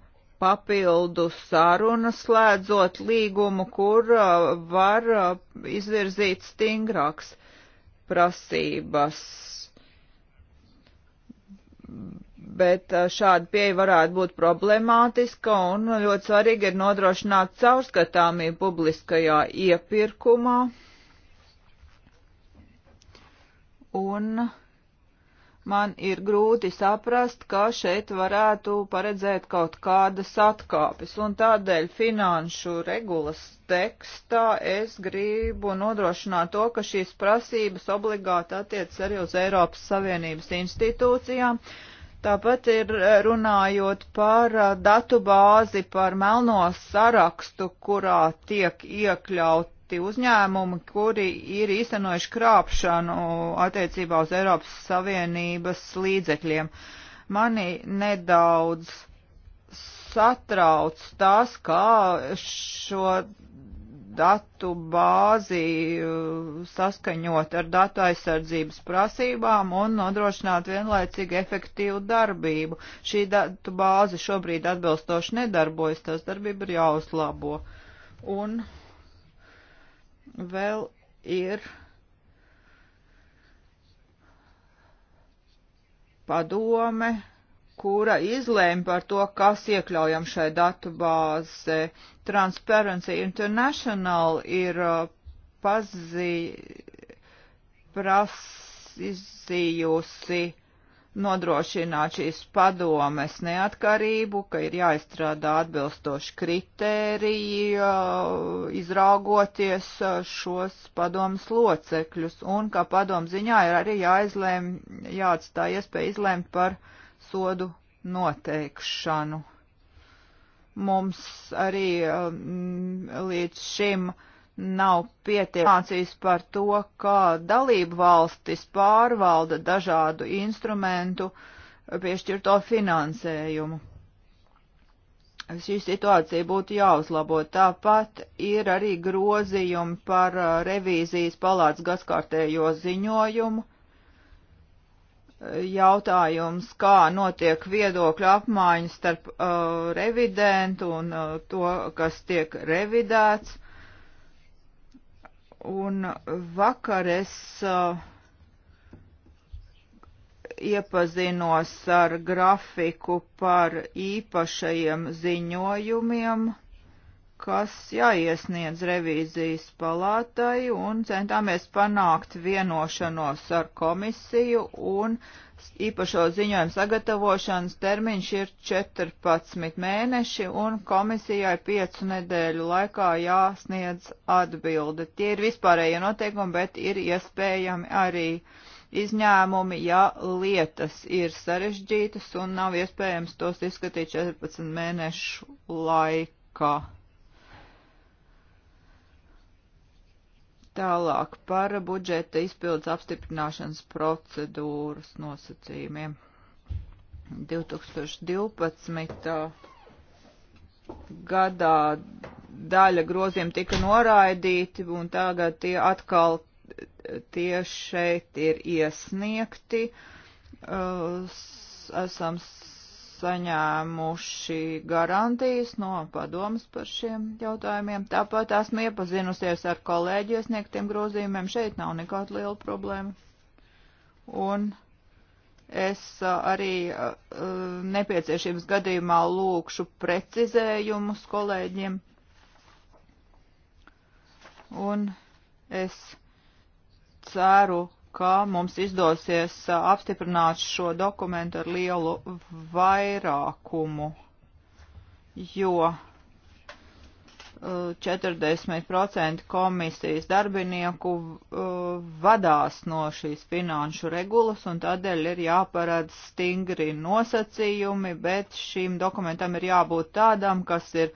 papildu sarunas, slēdzot līgumu, kur var izvirzīt stingrāks prasības. Bet šāda pieeja varētu būt problemātiska un ļoti svarīgi ir nodrošināt caurskatāmību publiskajā iepirkumā un man ir grūti saprast, ka šeit varētu paredzēt kaut kādas atkāpes, un tādēļ finanšu regulas tekstā es gribu nodrošināt to, ka šīs prasības obligāti attiec arī uz Eiropas Savienības institūcijām. Tāpat ir runājot par eh, datu bāzi, par melno sarakstu, kurā tiek iekļaut noteikti uzņēmumi, kuri ir īstenojuši krāpšanu attiecībā uz Eiropas Savienības līdzekļiem. Mani nedaudz satrauc tas, kā šo datu bāzi uh, saskaņot ar datu aizsardzības prasībām un nodrošināt vienlaicīgi efektīvu darbību. Šī datu bāze šobrīd atbilstoši nedarbojas, tās darbība ir jāuzlabo. Un vēl ir padome, kura izlēma par to, kas iekļaujam šai datubāzē. Transparency International ir uh, pazī prasījusi nodrošināt šīs padomes neatkarību, ka ir jāizstrādā atbilstoši kritēriji, izraugoties šos padomes locekļus, un ka padom ziņā ir arī jāizlēm, jāatstāj iespēja izlēmt par sodu noteikšanu. Mums arī um, līdz šim uh, nav pietiekācijas par to, kā dalību valstis pārvalda dažādu instrumentu uh, piešķirto finansējumu. Šī situācija būtu jāuzlabo. Tāpat ir arī grozījumi par uh, revīzijas palāts gaskārtējo ziņojumu. Uh, jautājums, kā notiek viedokļu apmaiņas starp uh, revidentu un uh, to, kas tiek revidēts Un vakar es uh, iepazinos ar grafiku par īpašajiem ziņojumiem, kas jāiesniedz revīzijas palātai, un centāmies panākt vienošanos ar komisiju un uh, īpašo ziņojumu sagatavošanas termiņš ir 14 mēneši un komisijai 5 nedēļu laikā jāsniedz atbilde. Tie ir vispārējie noteikumi, bet ir iespējami arī izņēmumi, ja lietas ir sarežģītas un nav iespējams tos izskatīt 14 mēnešu laikā. Tālāk par budžeta izpildes apstiprināšanas procedūras nosacījumiem. 2012. Uh, gadā daļa groziem tika noraidīti, un tagad tie atkal tie šeit ir iesniegti. Uh, esam saņēmuši garantijas no padomas par šiem jautājumiem. Tāpat esmu iepazinusies ar kolēģi iesniegtiem grozījumiem. Šeit nav nekāda liela problēma. Un es arī nepieciešības gadījumā lūkšu precizējumus kolēģiem. Un es ceru, ka mums izdosies apstiprināt šo dokumentu ar lielu vairākumu, jo 40% komisijas darbinieku vadās no šīs finanšu regulas, un tādēļ ir jāparāda stingri nosacījumi, bet šim dokumentam ir jābūt tādam, kas ir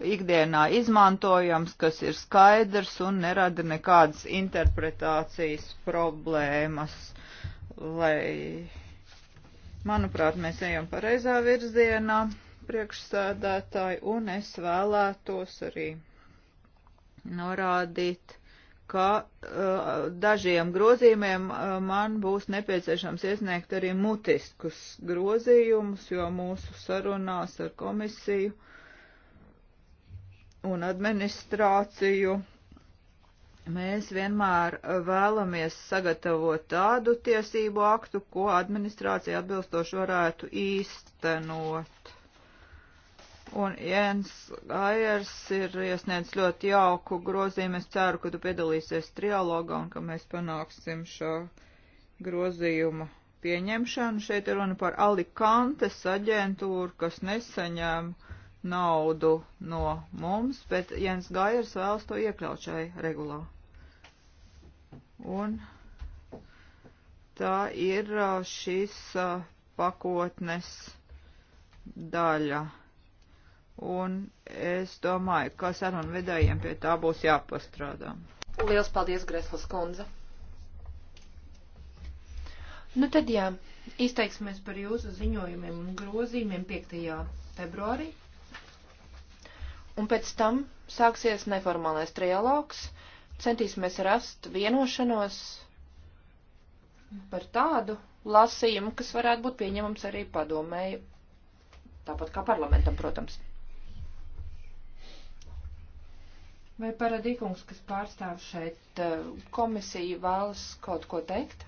ikdienā izmantojams, kas ir skaidrs un nerada nekādas interpretācijas problēmas, lai, manuprāt, mēs ejam pareizā virzienā priekšsēdētāji, un es vēlētos arī norādīt, ka uh, dažiem grozījumiem uh, man būs nepieciešams iesniegt arī mutiskus grozījumus, jo mūsu sarunās ar komisiju uh, un administrāciju. Mēs vienmēr vēlamies sagatavot tādu tiesību aktu, ko administrācija atbilstoši varētu īstenot. Un Jens Gaiers ir iesniedzis ļoti jauku grozījumu. Es ceru, ka tu piedalīsies trialogā un ka mēs panāksim šo grozījumu pieņemšanu. Šeit ir runa par Alicantes aģentūru, kas nesaņēma naudu no mums, bet Jens Gaiers vēlas to iekļaut šai regulā. Un tā ir šīs pakotnes daļa. Un es domāju, ka sarunvedējiem pie tā būs jāpastrādā. Liels paldies, Greslas kundze! Nu tad jā, izteiksimies par jūsu ziņojumiem un grozījumiem 5. februārī un pēc tam sāksies neformālais trialogs. Centīsimies rast vienošanos par tādu lasījumu, kas varētu būt pieņemams arī padomēji, tāpat kā parlamentam, protams. Vai paradīkums, kas pārstāv šeit eh, komisiju, vēlas kaut ko teikt?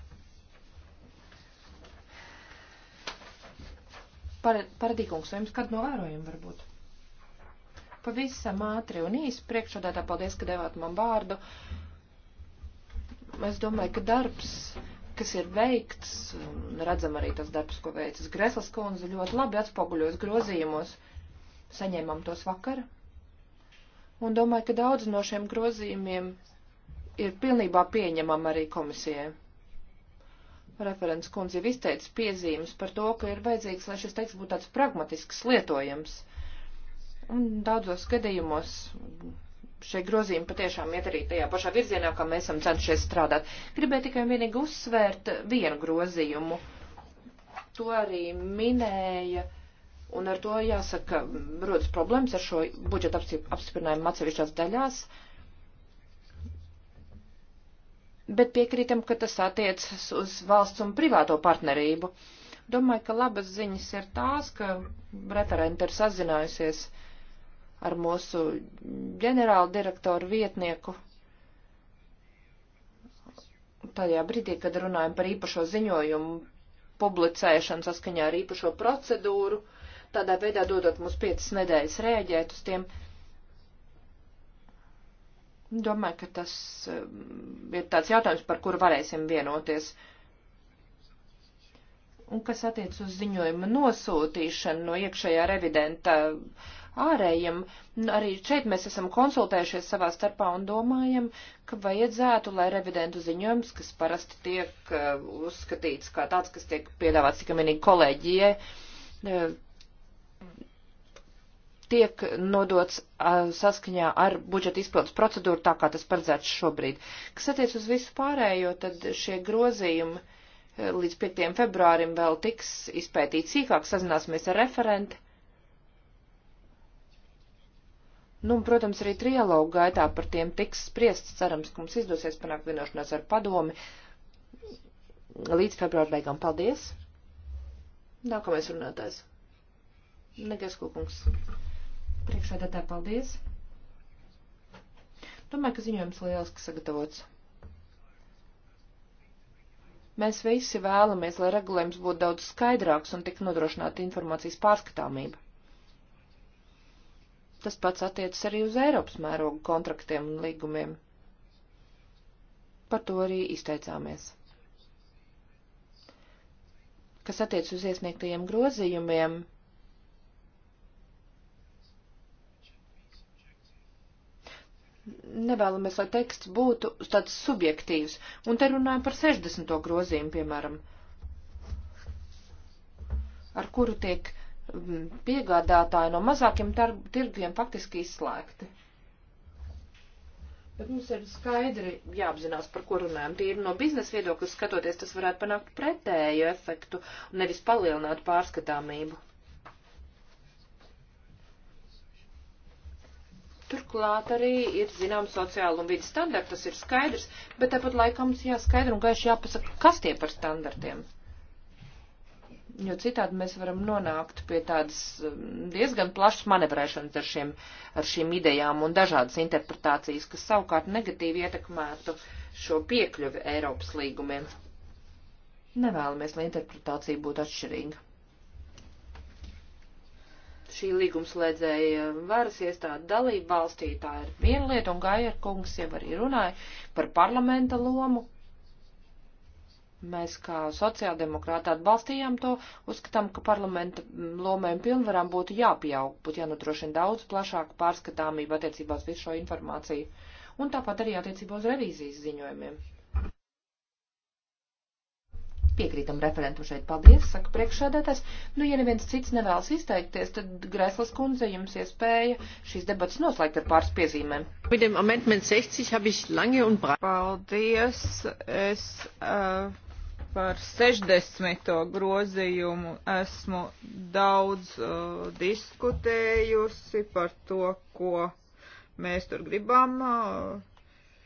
Par, paradīkums, vai jums kādu novērojumu varbūt? Pavisam ātri un īsi priekšsādātā paldies, ka devāt man vārdu. Es domāju, ka darbs, kas ir veikts, un redzam arī tas darbs, ko veicis Greslas kundze, ļoti labi atspoguļos grozījumos. Saņēmām tos vakar. Un domāju, ka daudz no šiem grozījumiem ir pilnībā pieņemam arī komisijai. Referents kundze jau izteica piezīmes par to, ka ir vajadzīgs, lai šis teksts būtu tāds pragmatisks, lietojams. Uh, Un daudzos gadījumos šie grozījumi patiešām iet arī tajā pašā virzienā, kā mēs esam cenšies strādāt. Gribēju tikai un vienīgi uzsvērt vienu grozījumu. To arī minēja. Un ar to jāsaka, rodas problēmas ar šo budžeta apstiprinājumu atsevišķās daļās. Bet piekrītam, ka tas attiecas uz valsts un privāto partnerību. Domāju, ka labas ziņas ir tās, ka referenta ir sazinājusies uh, ar mūsu ģenerālu direktoru vietnieku. Tajā brīdī, kad runājam par īpašo ziņojumu publicēšanu saskaņā ar īpašo procedūru, tādā veidā dodot mums piecas nedēļas rēģēt uz tiem. Domāju, ka tas um, ir tāds jautājums, par kuru varēsim vienoties. Un kas attiec uz ziņojuma nosūtīšanu no iekšējā revidenta uh, ārējiem. Nu, arī šeit mēs esam konsultējušies savā starpā un domājam, ka vajadzētu, lai revidentu ziņojums, kas parasti tiek uh, uzskatīts kā tāds, kas tiek piedāvāts tikai vienīgi kolēģijai, uh, tiek nodots uh, saskaņā ar budžeta izpildes procedūru, tā kā tas paredzēts šobrīd. Kas attiec uz visu pārējo, tad šie grozījumi līdz 5. februārim vēl tiks izpētīti sīkāk, sazināsimies ar referenti Nu, protams, arī trialogu gaitā par tiem tiks spriests, cerams, ka mums izdosies panākt vienošanās ar padomi līdz februāra beigām. Paldies! Nākamais runātājs. Negais Kukungs. Priekšsēdētāji, paldies! Domāju, ka ziņojums lieliski sagatavots. Mēs visi vēlamies, lai regulējums būtu daudz skaidrāks un tik nodrošināta informācijas pārskatāmība. Tas pats attiecas arī uz Eiropas mērogu kontraktiem un līgumiem. Par to arī izteicāmies. Kas attiec uz iesniegtajiem grozījumiem, nevēlamies, lai teksts būtu tāds subjektīvs, un te runājam par 60. grozījumu, piemēram, ar kuru tiek piegādātāji no mazākiem tirgiem faktiski izslēgti. Bet mums ir skaidri jāapzinās, par ko runājam. Tīri no biznesa viedokļa skatoties, tas varētu panākt pretēju efektu un nevis palielināt pārskatāmību. Turklāt arī ir zinām sociāla un vidas standarti, tas ir skaidrs, bet tāpat laikam mums jāskaidra un gaiši jāpasaka, kas tie par standartiem. Mm jo citādi mēs varam nonākt pie tādas um, diezgan plašas manevrēšanas ar, šiem, ar šīm idejām un dažādas interpretācijas, kas savukārt negatīvi ietekmētu šo piekļuvi Eiropas līgumiem. Nevēlamies, lai interpretācija būtu atšķirīga. Šī līgumslēdzēja varas iestāde dalība valstī, tā ir viena lieta, un Gajer kungs jau arī runāja par parlamenta lomu, Mēs kā sociāldemokrāti atbalstījām to, uzskatām, ka parlamenta mm, lomēm pilnvarām būtu jāpieaug, būtu jānodrošina daudz plašāka pārskatāmība attiecībā uz visu šo informāciju, un tāpat arī attiecībā uz revīzijas ziņojumiem. Piekrītam referentu šeit, paldies, saka priekšsēdētājs. Nu, ja neviens cits nevēlas izteikties, tad Greslas kundze jums iespēja šīs debatas noslēgt ar pāris piezīmēm. Paldies, es. Uh par 60. grozījumu esmu daudz uh, diskutējusi par to, ko mēs tur gribam. Uh,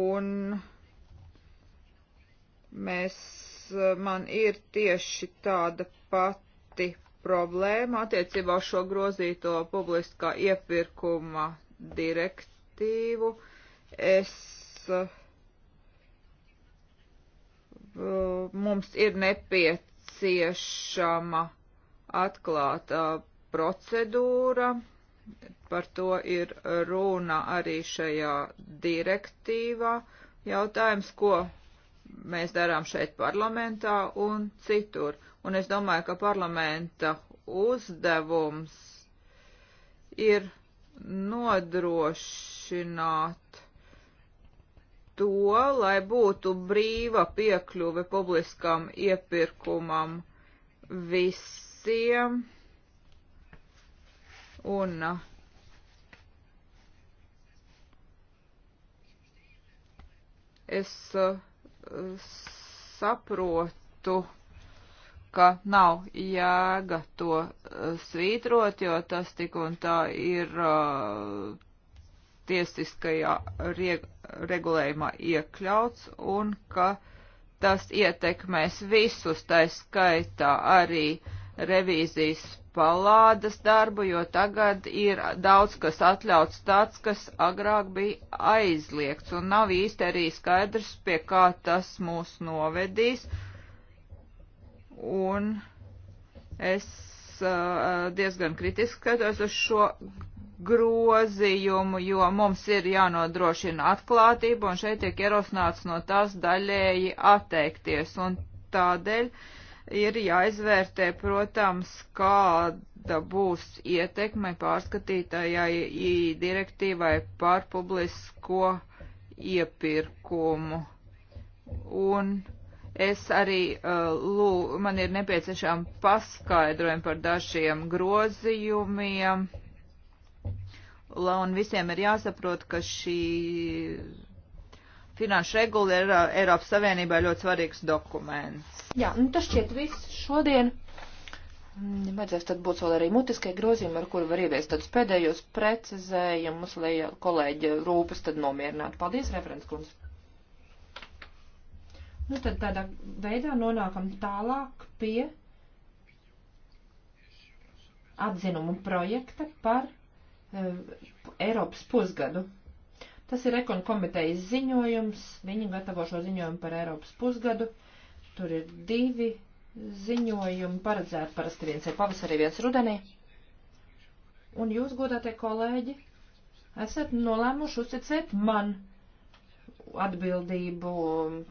un mēs, uh, man ir tieši tāda pati problēma attiecībā uz šo grozīto publiskā iepirkuma direktīvu. Es uh, Uh, mums ir nepieciešama atklāta procedūra. Par to ir runa arī šajā direktīvā. Jautājums, ko mēs darām šeit parlamentā un citur. Un es domāju, ka parlamenta uzdevums ir nodrošināt to, lai būtu brīva piekļuve publiskam iepirkumam visiem un es uh, saprotu, ka nav jēga to uh, svītrot, jo tas tik un tā ir uh, tiesiskajā regulējumā iekļauts un ka tas ietekmēs visus, tā skaitā arī revīzijas palādas darbu, jo tagad ir daudz kas atļauts tāds, kas agrāk bija aizliegts, un nav īsti arī skaidrs, pie kā tas mūs novedīs. Un es diezgan kritiski skatos uz šo grozījumu, jo mums ir jānodrošina atklātība, un šeit tiek ierosināts no tās daļēji atteikties. Un tādēļ ir jāizvērtē, protams, kāda būs ietekme pārskatītājai direktīvai par publisko iepirkumu. Un es arī uh, lūdzu, man ir nepieciešām paskaidrojumi par dažiem grozījumiem un visiem ir jāsaprot, ka šī finanšu regula ir uh, Eiropas Savienībā ļoti svarīgs dokuments. Jā, nu tas šķiet viss šodien. Mm, vajadzēs tad būt vēl arī mutiskai grozījumi, ar kuru var ieviest tādus pēdējos precizējumus, lai kolēģi rūpes tad nomierinātu. Paldies, referents kundze. Nu tad tādā veidā nonākam tālāk pie atzinumu projekta par Eh, Eiropas pusgadu. Tas ir ekonu komitejas ziņojums, viņi gatavo šo ziņojumu par Eiropas pusgadu. Tur ir divi ziņojumi paredzēti parasti viens ir pavasarī, viens rudenī. Un jūs, godātie kolēģi, esat nolēmuši uzticēt man atbildību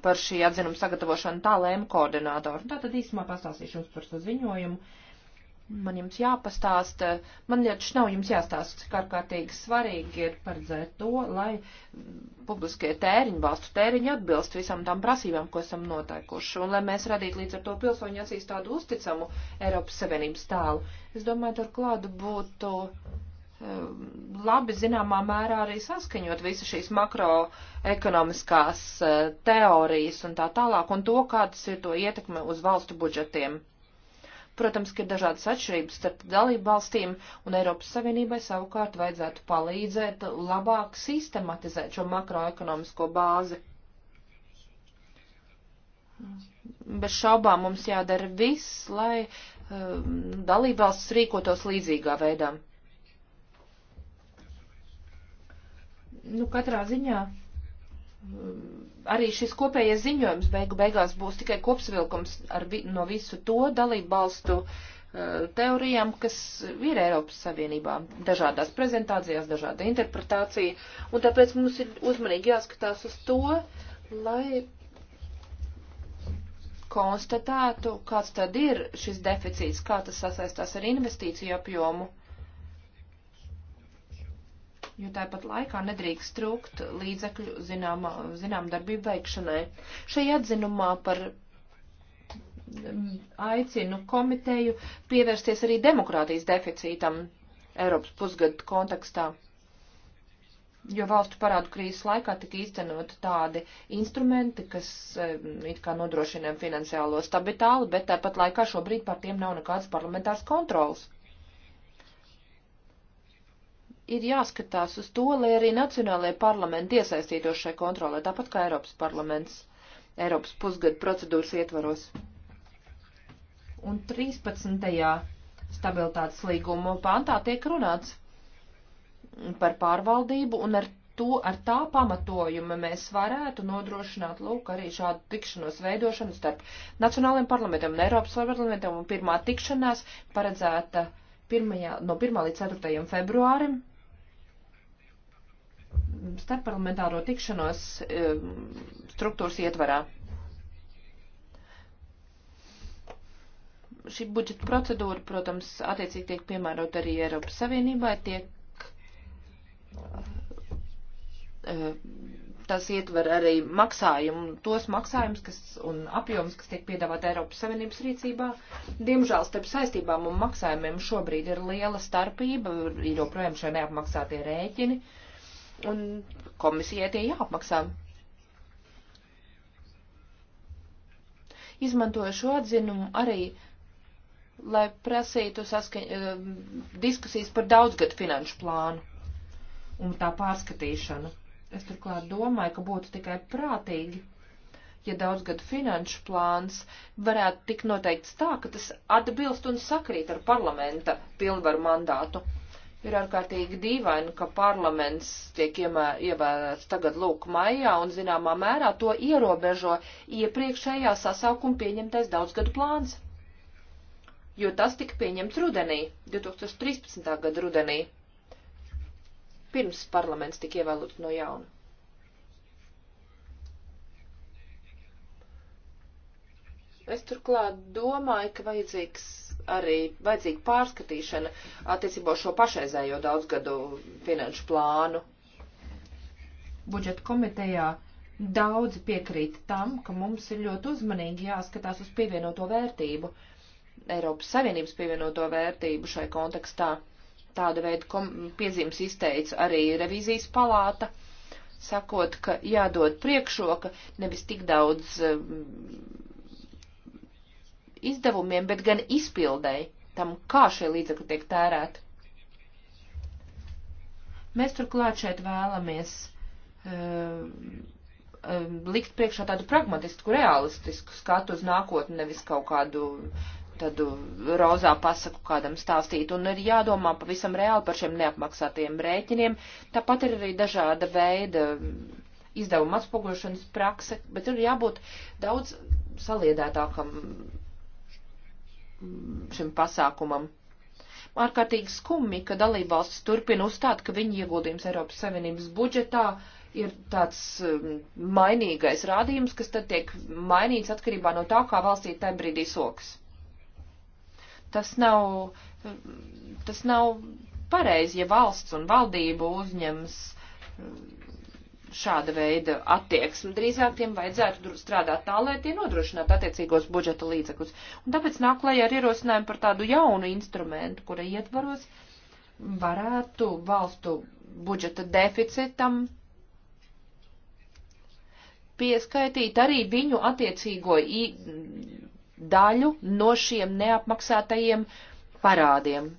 par šī atzinuma sagatavošanu tā lēma koordinātori. Tā tad īsumā pastāstīšu jums par šo ziņojumu. Uh, man jums jāpastāsta, man liekas, nav jums jāstāsta, kā kārtīgi svarīgi ir paredzēt to, lai publiskie tēriņi, valstu tēriņi atbilst visam tam prasībām, ko esam noteikuši, un lai mēs radītu līdz ar to pilsoņu acīs tādu uzticamu Eiropas Savienības tēlu. Es domāju, turklāt būtu um, labi zināmā mērā arī saskaņot visu šīs makroekonomiskās uh, teorijas un tā tālāk, un to, kādas ir to ietekme uz valstu budžetiem. Protams, ka ir dažādas atšķirības starp dalību valstīm, un Eiropas Savienībai savukārt vajadzētu palīdzēt labāk sistematizēt šo makroekonomisko bāzi. Bez šaubām mums jādara viss, lai um, dalībvalsts rīkotos līdzīgā veidā. Nu, katrā ziņā um, arī šis kopējais ziņojums beigu beigās būs tikai kopsvilkums ar, vi, no visu to dalību balstu uh, teorijām, kas ir Eiropas Savienībā. Dažādās prezentācijās, dažāda interpretācija, un tāpēc mums ir uzmanīgi jāskatās uz to, lai konstatētu, kāds tad ir šis deficīts, kā tas sasaistās ar investīciju apjomu jo tāpat laikā nedrīkst trūkt līdzekļu zinām, zinām darbību veikšanai. Šai atzinumā par mm, aicinu komiteju pievērsties arī demokrātijas deficītam Eiropas pusgadu kontekstā, jo valstu parādu krīzes laikā tika īstenot tādi instrumenti, kas mm, it kā nodrošina finansiālo stabilitāli, bet tāpat laikā šobrīd par tiem nav nekāds parlamentārs kontrols ir jāskatās uz to, lai arī nacionālajie parlamenti iesaistītos šai kontrolē, tāpat kā Eiropas parlaments Eiropas pusgada procedūras ietvaros. Un 13. stabilitātes līguma pāntā tiek runāts par pārvaldību un ar to, ar tā pamatojuma mēs varētu nodrošināt, lūk, arī šādu tikšanos veidošanu starp Nacionālajiem parlamentiem un Eiropas parlamentiem, un pirmā tikšanās paredzēta 1, no 1 līdz 4 februārim starpparlamentāro tikšanos eh, struktūras ietvarā. Šī budžeta procedūra, protams, attiecīgi tiek piemērot arī Eiropas Savienībai, tiek eh, tas ietver arī maksājumu, tos maksājumus kas, un apjomus, kas tiek piedāvāt Eiropas Savienības rīcībā. Diemžēl starp saistībām un maksājumiem šobrīd ir liela starpība, ir joprojām šie neapmaksātie rēķini. Uh, un komisijai tie jāapmaksā. Izmantoju šo atzinumu arī, lai prasītu saskaņ, eh, diskusijas par daudzgadu finanšu plānu un tā pārskatīšanu. Es turklāt domāju, ka būtu tikai prātīgi, ja daudzgadu finanšu plāns varētu tik noteikts tā, ka tas atbilst un sakrīt ar parlamenta pilnvaru mandātu Ir ārkārtīgi dīvaini, ka parlaments tiek ievēlēts tagad lūk maijā un zināmā mērā to ierobežo iepriekšējā sasaukuma pieņemtais daudzgadu plāns. Jo tas tika pieņemts rudenī, 2013. gada rudenī, pirms parlaments tika ievēlēts no jauna. Es turklāt domāju, ka vajadzīgs arī vajadzīga pārskatīšana attiecībā šo pašreizējo daudzgadu finanšu plānu. Budžeta komitejā daudzi piekrīt tam, ka mums ir ļoti uzmanīgi jāskatās uz pievienoto vērtību, Eiropas Savienības pievienoto vērtību šai kontekstā. Tāda veida piezīmes izteica arī revīzijas palāta sakot, ka jādod priekšroka nevis tik daudz eh, izdevumiem, bet gan izpildēji tam, kā šie līdzekļi tiek tērēti. Mēs turklāt šeit vēlamies uh, uh, likt priekšā tādu pragmatisku, realistisku skatu uz nākotni, nevis kaut kādu tādu rozā pasaku kādam stāstīt, un ir jādomā pavisam reāli par šiem neapmaksātajiem rēķiniem. Tāpat ir arī dažāda veida izdevuma atspoguļošanas prakse, bet ir jābūt daudz saliedētākam Mm, šim pasākumam. Ārkārtīgi skumji, ka dalībvalstis turpina uzstāt, ka viņu ieguldījums Eiropas Savienības budžetā ir tāds mm, mainīgais rādījums, kas tad tiek mainīts atkarībā no tā, kā valstī tajā brīdī soks. Tas nav, mm, tas nav pareizi, ja valsts un valdība uzņems šāda veida attieksmi. Drīzāk tiem vajadzētu strādāt tā, lai tie nodrošinātu attiecīgos budžeta līdzekļus. Un tāpēc nāk lai ar ierosinājumu par tādu jaunu instrumentu, kura ietvaros varētu valstu budžeta deficitam pieskaitīt arī viņu attiecīgo daļu no šiem neapmaksātajiem parādiem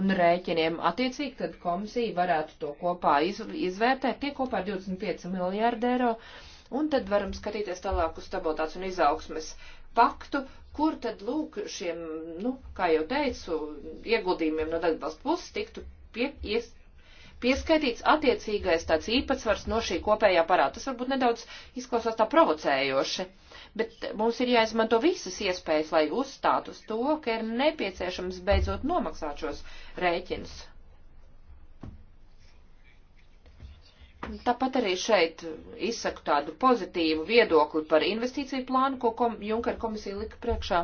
un rēķiniem. Attiecīgi, tad komisija varētu to kopā iz, izvērtēt, tie kopā ir 25 miljārdi eiro, un tad varam skatīties tālāk uz stabilitātes un izaugsmes paktu, kur tad lūk šiem, nu, kā jau teicu, ieguldījumiem no dalībvalstu puses tiktu pie, ies, pieskaitīts attiecīgais tāds īpatsvars no šī kopējā parāda. Tas varbūt nedaudz izklausās tā provocējoši. Uh, bet mums ir jāizmanto visas iespējas, lai uzstātu uz to, ka ir nepieciešams beidzot nomaksāt šos rēķinus. Tāpat arī šeit izsaku tādu pozitīvu viedokli par investīciju plānu, ko kom Junkera komisija lika priekšā.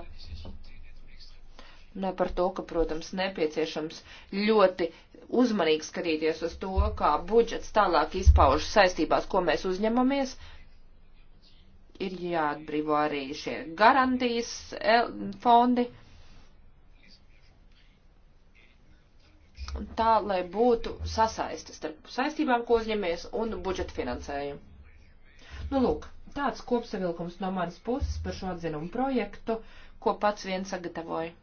Ne par to, ka, protams, nepieciešams ļoti uzmanīgi skatīties uz to, kā budžets tālāk izpaužas saistībās, ko mēs uzņemamies, uh, ir jāatbrīvo arī šie garantijas e, fondi, tā, lai būtu sasaistas starp saistībām, ko uzņemies, un budžeta finansējumu. Nu, lūk, tāds kopsavilkums no manas puses par šo atzinumu projektu, ko pats viens sagatavoja.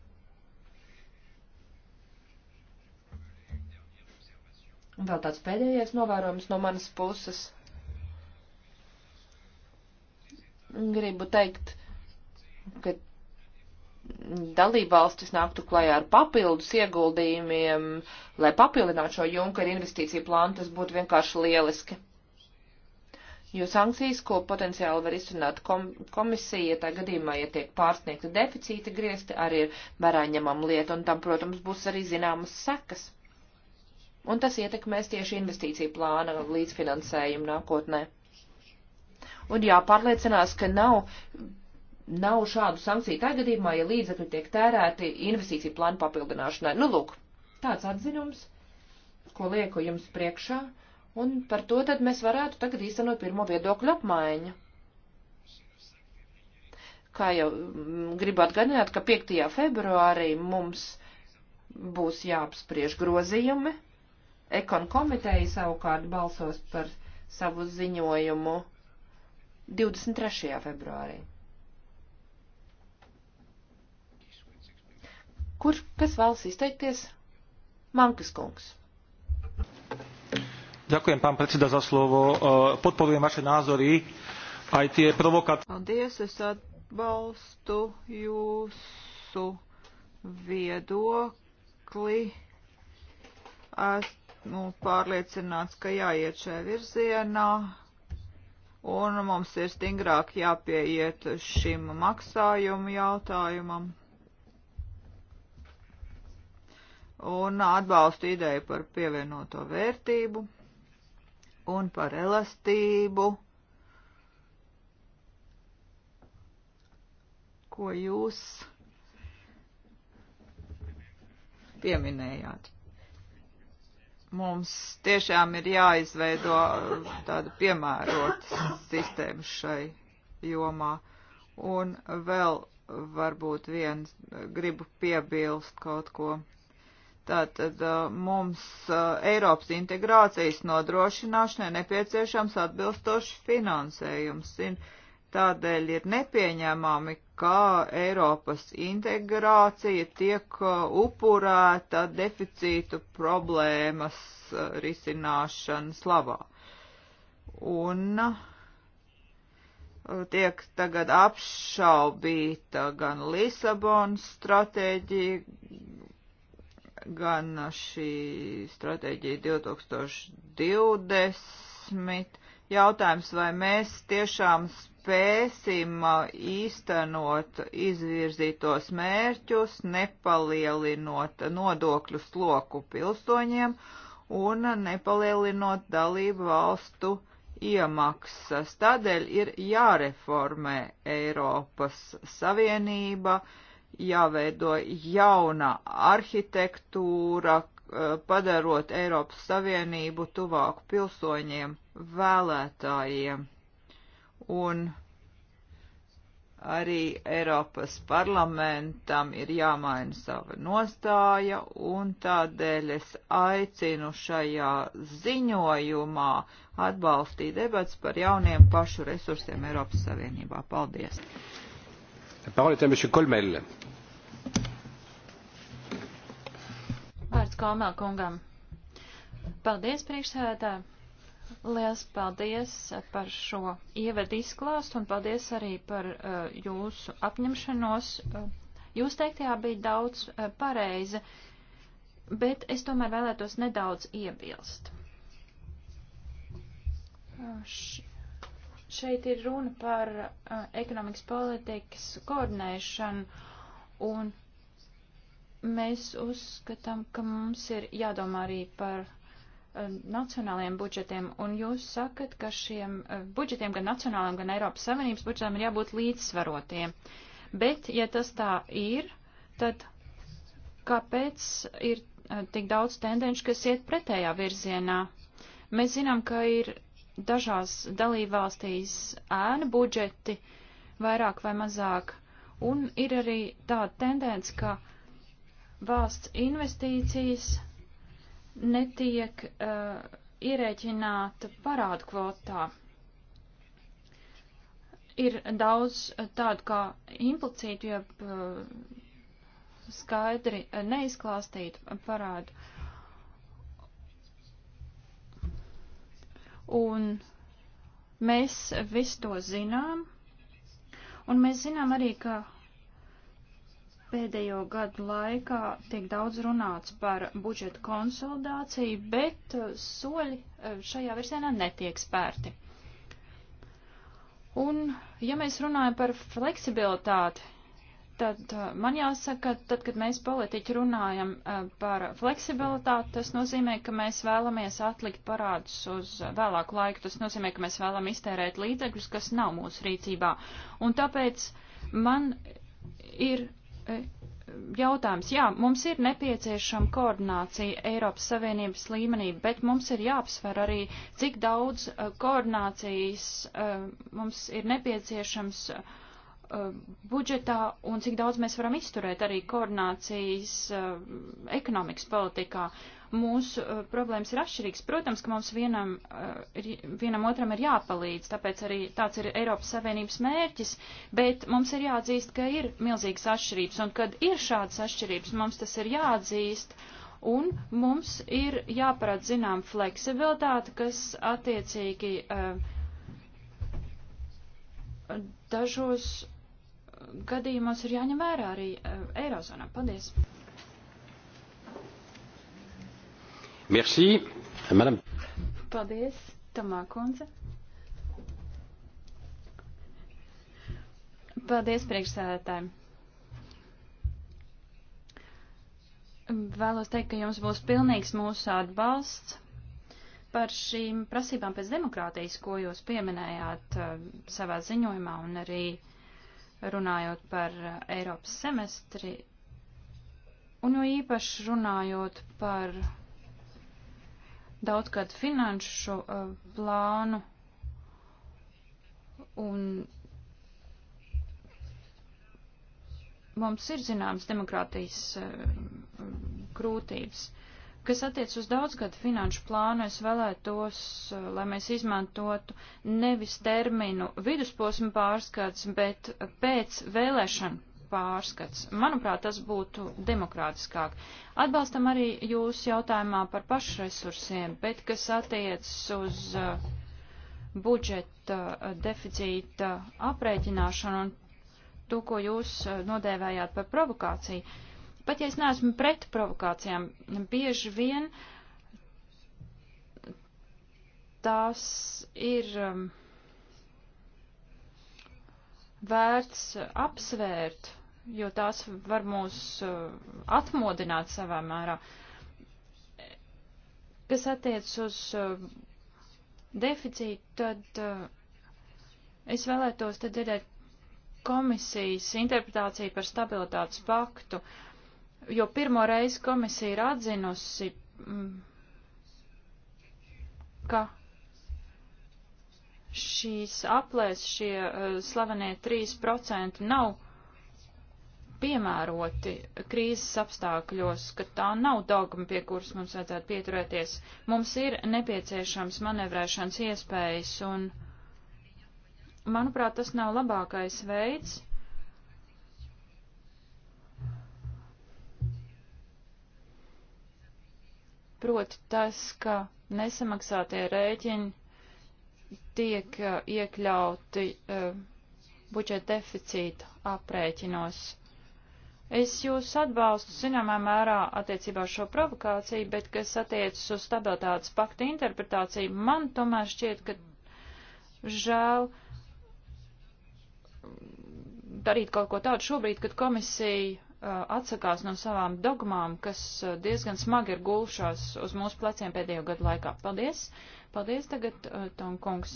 Un vēl tāds pēdējais novērojums no manas puses – gribu teikt, ka dalībvalstis nāktu klajā ar papildus ieguldījumiem, lai papildinātu šo Junkera investīciju plānu, tas būtu vienkārši lieliski. Jo sankcijas, ko potenciāli var izrunāt kom komisija, tā gadījumā, ja tiek pārsniegta deficīta griezti, arī ir vērā ņemama lieta, un tam, protams, būs arī zināmas sekas. Un tas ietekmēs tieši investīciju plāna līdzfinansējumu nākotnē un jāpārliecinās, ka nav, nav šādu sankciju tā gadījumā, ja līdzekļi tiek tērēti investīciju plānu papildināšanai. Nu, lūk, tāds atzinums, ko lieku jums priekšā, un par to tad mēs varētu tagad īstenot pirmo viedokļu apmaiņu kā jau mm, gribu atgādināt, ka 5. februārī mums būs jāapspriež grozījumi. Ekon komiteja savukārt balsos par savu ziņojumu 23. februārī. Kur, kas vēlas izteikties? Mankas kungs. Ďakujem, pán predseda, za slovo. E, podporujem vaše názory, aj tie provokácie. Paldies, es atbalstu jūsu viedokli. Esmu nu, pārliecināts, ka jāiet šajā virzienā un mums ir stingrāk jāpieiet šim maksājumu jautājumam. Un atbalstu ideju par pievienoto vērtību un par elastību, ko jūs pieminējāt. Mums tiešām ir jāizveido uh, tāda piemērota sistēma šai jomā. Un vēl varbūt viens gribu piebilst kaut ko. Tātad uh, mums uh, Eiropas integrācijas nodrošināšanai nepieciešams atbilstošs finansējums. Tādēļ ir nepieņēmami, kā Eiropas integrācija tiek uh, upurēta deficītu problēmas uh, risināšanas labā. Un uh, tiek tagad apšaubīta gan Lisabonas stratēģija, gan šī stratēģija 2020 jautājums, vai mēs tiešām spēsim īstenot izvirzītos mērķus, nepalielinot nodokļu sloku pilsoņiem un nepalielinot dalību valstu iemaksas. Tādēļ ir jāreformē Eiropas Savienība, jāveido jauna arhitektūra, Eh, padarot Eiropas Savienību tuvāku pilsoņiem, vēlētājiem un arī Eiropas parlamentam ir jāmaina sava nostāja un tādēļ es aicinu šajā ziņojumā atbalstīt debats par jauniem pašu resursiem Eiropas Savienībā. Paldies! La parole est à M. Colmel. vārds Komā kungam. Paldies, priekšsēdētāji! Liels paldies par šo ievadu izklāstu un paldies arī par uh, jūsu apņemšanos. Uh, jūs teiktajā bija daudz uh, pareizi, bet es tomēr vēlētos nedaudz iebilst. Uh, šeit ir runa par uh, ekonomikas politikas koordinēšanu un Mēs uzskatām, ka mums ir jādomā arī par eh, nacionālajiem budžetiem, un jūs sakat, ka šiem eh, budžetiem, gan nacionālajiem, gan Eiropas Savienības budžetiem, ir jābūt līdzsvarotiem. Bet, ja tas tā ir, tad kāpēc ir eh, tik daudz tendenci, kas iet pretējā virzienā? Mēs zinām, ka ir dažās dalībvalstīs ēnu budžeti vairāk vai mazāk, un ir arī tāda tendence, ka uh, valsts investīcijas netiek uh, ierēķināta parādu kvotā. Ir daudz tādu kā implicītu, jeb uh, skaidri neizklāstītu parādu. Un mēs visu to zinām, un mēs zinām arī, ka Pēdējo gadu laikā tiek daudz runāts par budžeta konsolidāciju, bet uh, soļi uh, šajā virsienā netiek spērti. Un, ja mēs runājam par fleksibilitāti, tad uh, man jāsaka, tad, kad mēs politiķi runājam par fleksibilitāti, tas nozīmē, ka mēs vēlamies atlikt parādus uz vēlāku laiku. Tas nozīmē, ka mēs vēlam iztērēt līdzekļus, kas nav mūsu rīcībā. Un tāpēc man ir E, jautājums. Jā, mums ir nepieciešama koordinācija Eiropas Savienības līmenī, bet mums ir jāapsver arī, cik daudz uh, koordinācijas uh, mums ir nepieciešams uh, budžetā un cik daudz mēs varam izturēt arī koordinācijas ekonomikas politikā mūsu uh, problēmas ir atšķirīgas. Protams, ka mums vienam, uh, ir, vienam otram ir jāpalīdz, tāpēc arī tāds ir Eiropas Savienības mērķis, bet mums ir jāatzīst, ka ir milzīgas atšķirības, un kad ir šādas atšķirības, mums tas ir jāatzīst, un mums ir jāparāda zinām fleksibilitāte, kas attiecīgi uh, dažos gadījumos ir jāņem vērā arī uh, Eirozonā. Paldies! Merci, madam. Paldies, Tomā kundze. Paldies priekšsēdētājiem. Vēlos teikt, ka jums būs pilnīgs mūsu atbalsts par šīm prasībām pēc demokrātijas, ko jūs pieminējāt uh, savā ziņojumā un arī runājot par uh, Eiropas semestri, un jo īpaši runājot par daudzgad finanšu uh, plānu un mums ir zināmas demokrātijas uh, grūtības. Kas attiec uz daudzgadu finanšu plānu, es vēlētos, uh, lai mēs izmantotu nevis terminu vidusposmu pārskats, bet pēc vēlēšanu pārskats. Manuprāt, tas būtu demokrātiskāk. Atbalstam arī jūs jautājumā par pašresursiem, bet kas attiecas uz uh, budžeta uh, deficīta aprēķināšanu un to, ko jūs uh, nodēvējāt par provokāciju. Pat ja es neesmu pret provokācijām, bieži vien tās ir. Um, vērts apsvērt, jo tās var mūs uh, atmodināt savā mērā. Kas attiec uz uh, deficītu, tad uh, es vēlētos tad dzirdēt komisijas interpretāciju par stabilitātes paktu, jo pirmo reizi komisija ir atzinusi, mm, ka šīs aplēs šie uh, slavenie 3% nav piemēroti krīzes apstākļos, ka tā nav dogma, pie kuras mums vajadzētu pieturēties. Mums ir nepieciešams manevrēšanas iespējas, un, manuprāt, tas nav labākais veids. Proti tas, ka nesamaksātie rēķini tiek eh, iekļauti eh, budžeta deficīta aprēķinos. Es jūs atbalstu zināmā mērā attiecībā uz šo provokāciju, bet kas attiecas uz stabilitātes pakta interpretāciju, man tomēr šķiet, ka žēl darīt kaut ko tādu šobrīd, kad komisija Uh, atsakās no savām dogmām, kas uh, diezgan smagi ir gulšās uz mūsu pleciem pēdējo gadu laikā. Paldies! Paldies tagad, uh, Tom Kungs!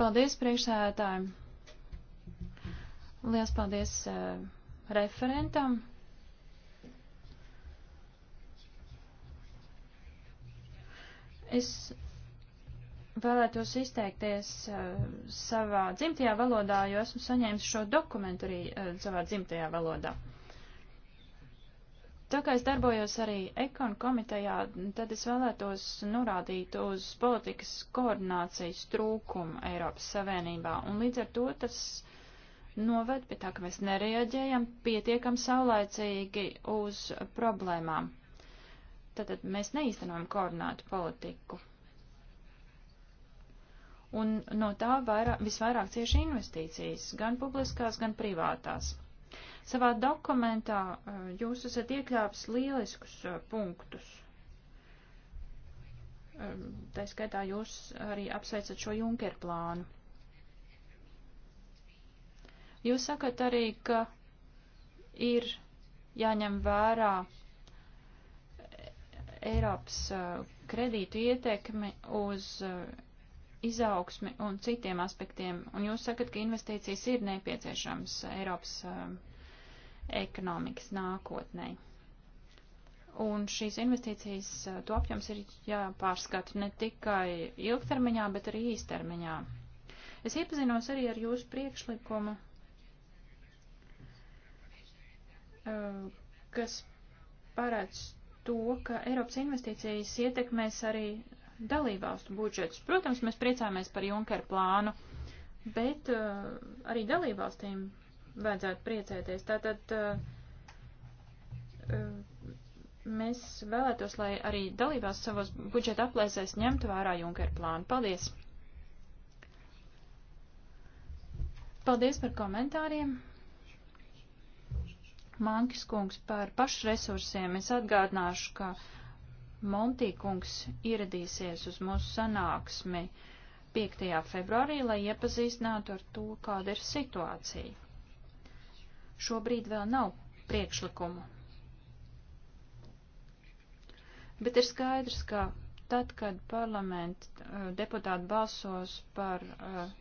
Paldies priekšsēdētājiem! Lielas paldies referentam! Es vēlētos izteikties uh, savā dzimtajā valodā, jo esmu saņēmis šo dokumentu arī uh, savā dzimtajā valodā. Tā kā es darbojos arī ekonu komitejā, tad es vēlētos norādīt uz politikas koordinācijas trūkumu Eiropas Savienībā, un līdz ar to tas noved pie tā, ka mēs nereaģējam pietiekam saulaicīgi uz problēmām. Tātad mēs neīstenojam koordinātu politiku un no tā vairāk, visvairāk cieši investīcijas, gan publiskās, gan privātās. Savā dokumentā uh, jūs esat iekļāvis lieliskus uh, punktus. Um, tā skaitā jūs arī apsveicat šo Junker plānu. Jūs sakat arī, ka ir jāņem vērā uh, Eiropas kredītu ietekmi uz izaugsmi un citiem aspektiem. Un jūs sakat, ka investīcijas ir nepieciešams Eiropas um, ekonomikas nākotnē. Un šīs investīcijas, uh, to apjoms ir jāpārskata ne tikai ilgtermiņā, bet arī īstermiņā. Es iepazinos arī ar jūsu priekšlikumu, uh, kas parāds to, ka Eiropas investīcijas ietekmēs arī dalībvalstu budžetus. Protams, mēs priecāmies par Junkera plānu, bet uh, arī dalībvalstīm vajadzētu priecēties. Tātad uh, mēs vēlētos, lai arī dalībvalsts savos budžeta aplēsēs ņemtu vērā Junkera plānu. Paldies! Paldies par komentāriem! Mankis kungs par pašresursiem. Es atgādināšu, ka uh, Montīkungs ieradīsies uz mūsu sanāksmi 5. februārī, lai iepazīstinātu ar to, kāda ir situācija. Šobrīd vēl nav priekšlikumu. Bet ir skaidrs, ka tad, kad parlamenta eh, deputāti balsos par eh,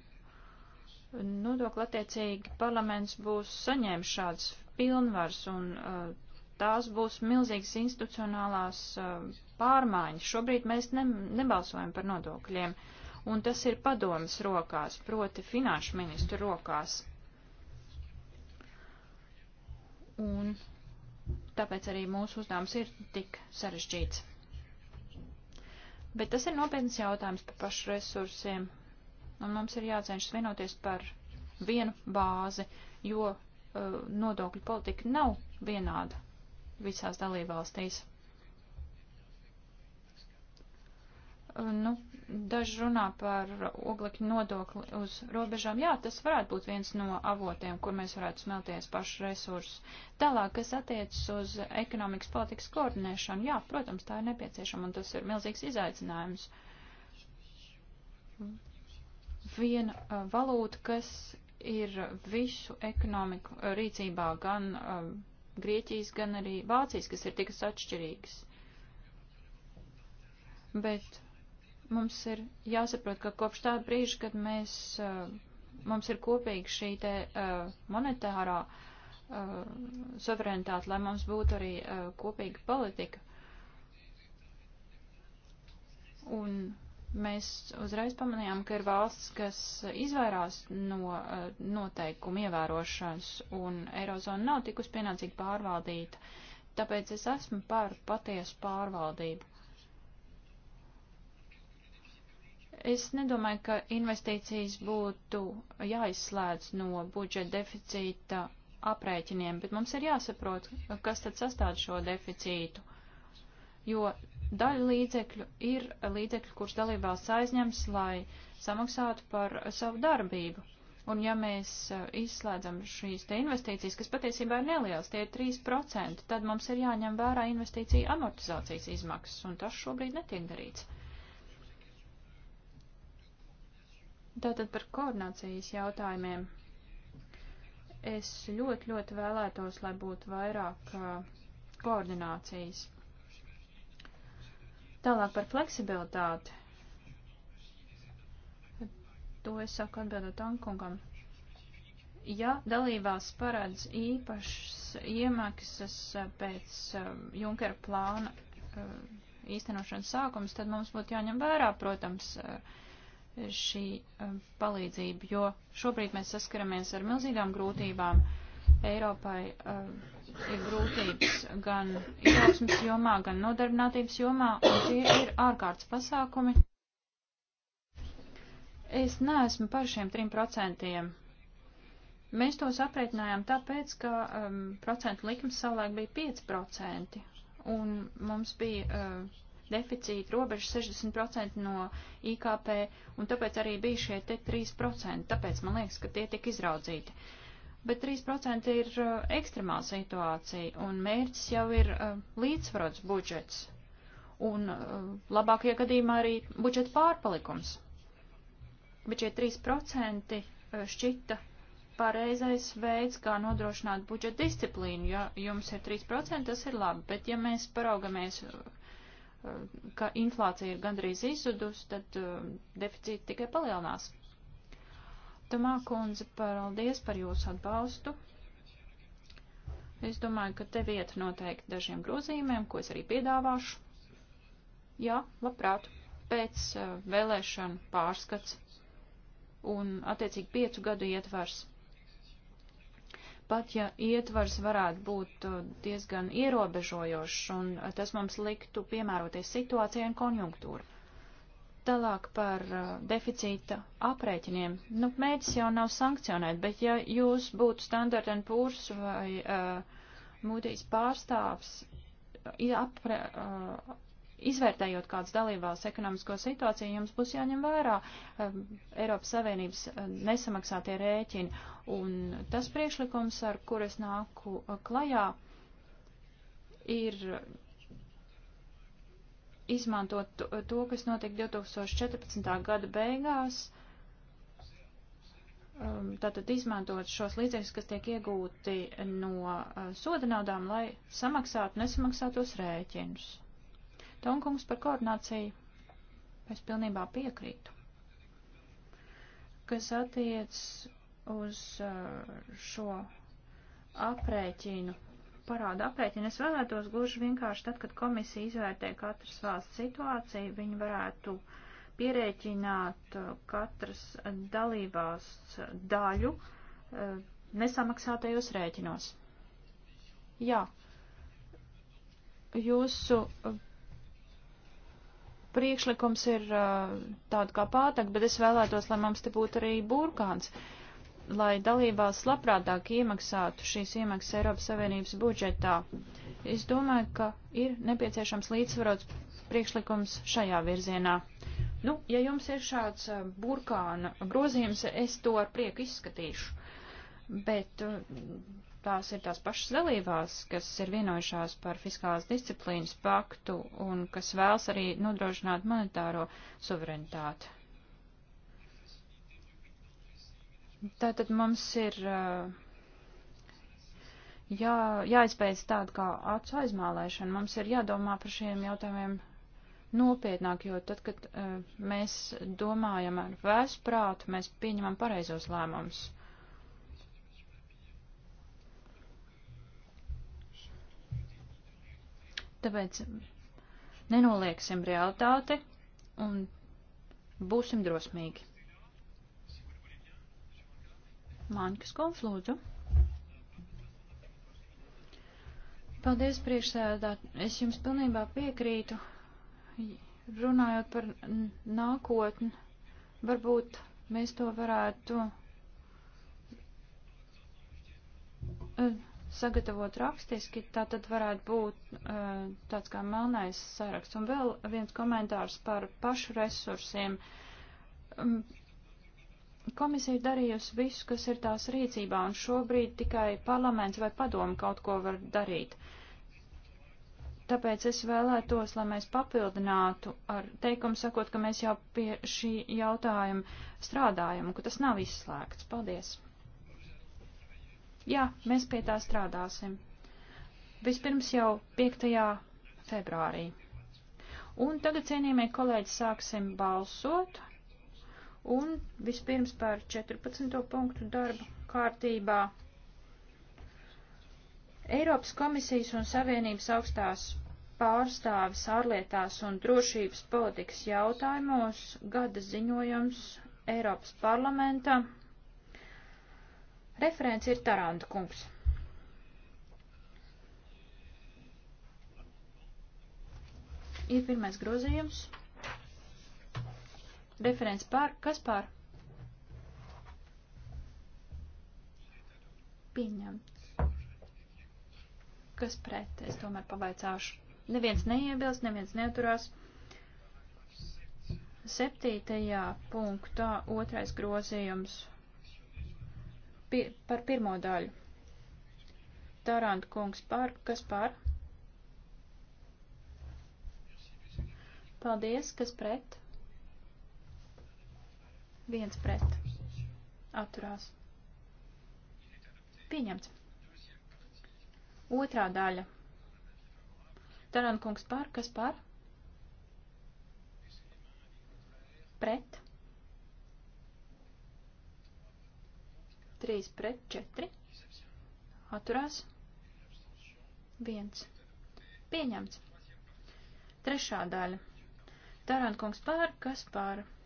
nodokli attiecīgi, parlaments būs saņēmis šādas pilnvars un eh, tās būs milzīgas institucionālās pārmaiņas. Šobrīd mēs ne, nebalsojam par nodokļiem, un tas ir padomas rokās, proti finanšu ministru rokās. Un tāpēc arī mūsu uzdevums ir tik sarežģīts. Bet tas ir nopietns jautājums par pašu resursiem, un mums ir jācenšas vienoties par vienu bāzi, jo uh, nodokļu politika nav vienāda visās dalībvalstīs. Uh, nu, daži runā par oglekļu nodokli uz robežām. Jā, tas varētu būt viens no avotiem, kur mēs varētu smelties pašu resursus. Tālāk, kas attiecas uz ekonomikas politikas koordinēšanu, jā, protams, tā ir nepieciešama un tas ir milzīgs izaicinājums. Viena uh, valūta, kas ir visu ekonomiku uh, rīcībā, gan um, Grieķijas, gan arī Vācijas, kas ir tikas atšķirīgas. Bet mums ir jāsaprot, ka kopš tā brīža, kad mēs, uh, mums ir kopīgi šī te uh, monetārā uh, suverenitāte, lai mums būtu arī kopīga politika. Un mēs uzreiz pamanījām, ka ir valsts, kas izvairās no eh, noteikumu ievērošanas, un Eirozona nav tikus pienācīgi pārvaldīta. Tāpēc es esmu par patiesu pārvaldību. Es nedomāju, ka investīcijas būtu jāizslēdz no budžeta deficīta aprēķiniem, bet mums ir jāsaprot, kas tad sastāv šo deficītu jo Daļa līdzekļu ir līdzekļi, kurus dalībās aizņems, lai samaksātu par savu darbību. Un ja mēs e, izslēdzam šīs te investīcijas, kas patiesībā ir nelielas, tie ir 3%, tad mums ir jāņem vērā investīcija amortizācijas izmaksas, un tas šobrīd netiek darīts. Tātad par koordinācijas jautājumiem. Es ļoti, ļoti vēlētos, lai būtu vairāk e, koordinācijas. Tālāk par fleksibilitāti. To es saku atbildot Ankungam. Ja dalībās paredz īpašas iemaksas eh, pēc eh, Junkera plāna eh, īstenošanas sākums, tad mums būtu jāņem vērā, protams, šī palīdzība, jo šobrīd mēs saskaramies ar milzīgām grūtībām Eiropai ir grūtības gan izaugsmas jomā, gan nodarbinātības jomā, un tie ir ārkārtas pasākumi. Es neesmu par šiem 3%. Mēs tos aprēķinājām tāpēc, ka um, procentu likums savulaik bija 5%, un mums bija uh, deficīta robeža 60% no IKP, un tāpēc arī bija šie te 3%. Tāpēc man liekas, ka tie tika izraudzīti. Uh, bet 3% ir uh, ekstremāla situācija, un mērķis jau ir uh, līdzsvarots budžets, un uh, labākajā gadījumā arī budžeta pārpalikums. Bet šie 3% šķita pareizais veids, kā nodrošināt budžeta disciplīnu. Ja jums ir 3%, tas ir labi, bet ja mēs paraugamies, ka inflācija ir gandrīz izzudusi, tad deficīti tikai palielinās. Tomā kundze, paldies par jūsu atbalstu. Es domāju, ka te vieta noteikti dažiem grozījumiem, ko es arī piedāvāšu. Jā, labprāt, pēc uh, vēlēšana pārskats un attiecīgi piecu gadu ietvars. Pat ja ietvars varētu būt uh, diezgan ierobežojošs, un uh, tas mums liktu piemēroties situācijai un konjunktūru. Tālāk par uh, deficīta aprēķiniem. Nu, mērķis jau nav sankcionēt, bet ja jūs būtu Standard Poor's vai uh, Moody's pārstāvs, apre, uh, izvērtējot kādas dalībvalsts ekonomisko situāciju, jums būs jāņem vērā uh, Eiropas Savienības uh, nesamaksātie rēķini. Un tas priekšlikums, ar kur es nāku uh, klajā, ir izmantot to, kas notiek 2014. gada beigās, um, tātad izmantot šos līdzekļus, kas tiek iegūti no uh, soda naudām, lai samaksātu nesamaksātos rēķinus. Tonkungs par koordināciju es pilnībā piekrītu. Kas attiec uz uh, šo aprēķinu parāda aprēķinu. Es vēlētos gluži vienkārši tad, kad komisija izvērtē katras valsts situāciju, viņi varētu pierēķināt uh, katras dalībās daļu uh, nesamaksātajos rēķinos. Jā, jūsu uh, priekšlikums ir tāda kā pātak, bet es vēlētos, lai mums te būtu arī burkāns. Uh, lai dalībās labprātāk iemaksātu šīs iemaksas Eiropas Savienības budžetā. Es domāju, ka ir nepieciešams līdzsvarots priekšlikums šajā virzienā. Nu, ja jums ir šāds eh, burkāna grozījums, es to ar prieku izskatīšu. Bet eh, tās ir tās pašas dalībās, kas ir vienojušās par fiskālās disciplīnas paktu un kas vēlas arī nodrošināt monetāro suverenitāti. Tātad mums ir jā, jāizpēc tāda kā acu aizmālēšana. Mums ir jādomā par šiem jautājumiem nopietnāk, jo tad, kad uh, mēs domājam ar vēsprātu, mēs pieņemam pareizos lēmumus. Tāpēc nenolieksim realitāti un būsim drosmīgi. Māņkas kungs, lūdzu. Paldies, priekšsēdāt. Es jums pilnībā piekrītu, runājot par nākotni. Varbūt mēs to varētu eh, sagatavot rakstiski, tā tad varētu būt eh, tāds kā melnais saraksts. Un vēl viens komentārs par pašu resursiem. Mm, Komisija ir darījusi visu, kas ir tās rīcībā, un šobrīd tikai parlaments vai padomu kaut ko var darīt. Tāpēc es vēlētos, lai mēs papildinātu ar teikumu sakot, ka mēs jau pie šī jautājuma strādājam, un ka tas nav izslēgts. Paldies! Jā, mēs pie tā strādāsim. Vispirms jau 5. februārī. Un tagad, cienījamie kolēģi, sāksim balsot. Un vispirms par 14. punktu darba kārtībā. Eiropas komisijas un Savienības augstās pārstāvis ārlietās un drošības politikas jautājumos gada ziņojums Eiropas parlamenta. Referents ir Taranda kungs. Ir pirmais grozījums. Referents pār, kas pār? Pieņemts. Kas pret? Es tomēr pavaicāšu. Neviens neiebilst, neviens neturās. Septītajā punktā otrais grozījums Pi par pirmo daļu. Tarant kungs par, kas par? Paldies, kas pret? viens pret, atturās. Pieņemts. Otrā daļa. Tarankungs par, kas par? Pret. Trīs pret četri. Atturās. Viens. Pieņemts. Trešā daļa. Tarankungs par, kas par? Pret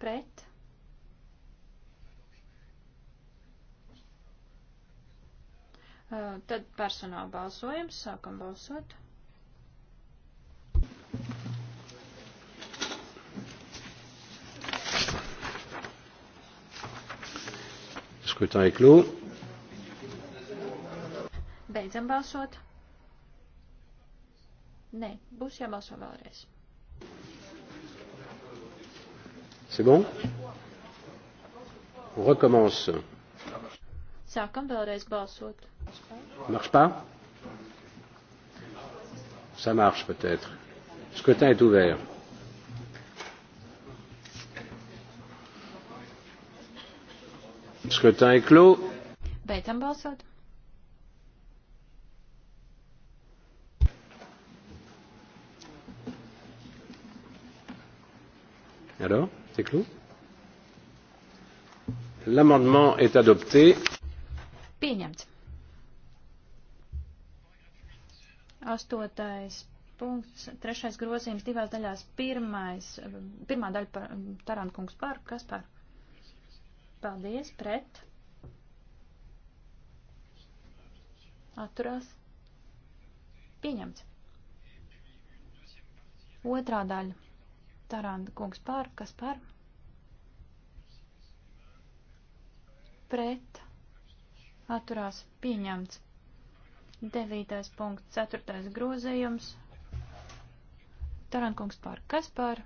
pret. Eh, tad personāla balsojums, sākam balsot. Scrutin est clos. Beidzam balsot. Nē, būs jābalso vēlreiz. C'est bon On recommence. Sākam vēlreiz balsot. Marche pas Ça marche peut-être. Le scrutin est ouvert. Le scrutin est clos. Beidzam balsot. Alors C'est clos. L'amendement est adopté. Pieņemts. Astotais punkts, trešais grozījums divās daļās. Pirmais, pirmā daļa par Tarankungs par, kas par? Paldies, pret. Atturās. Pieņemts. Otrā daļa Taranda kungs par, kas par? Pret. Atturās pieņemts. Devītais punkts, ceturtais grozījums. Taranda kungs par, kas par?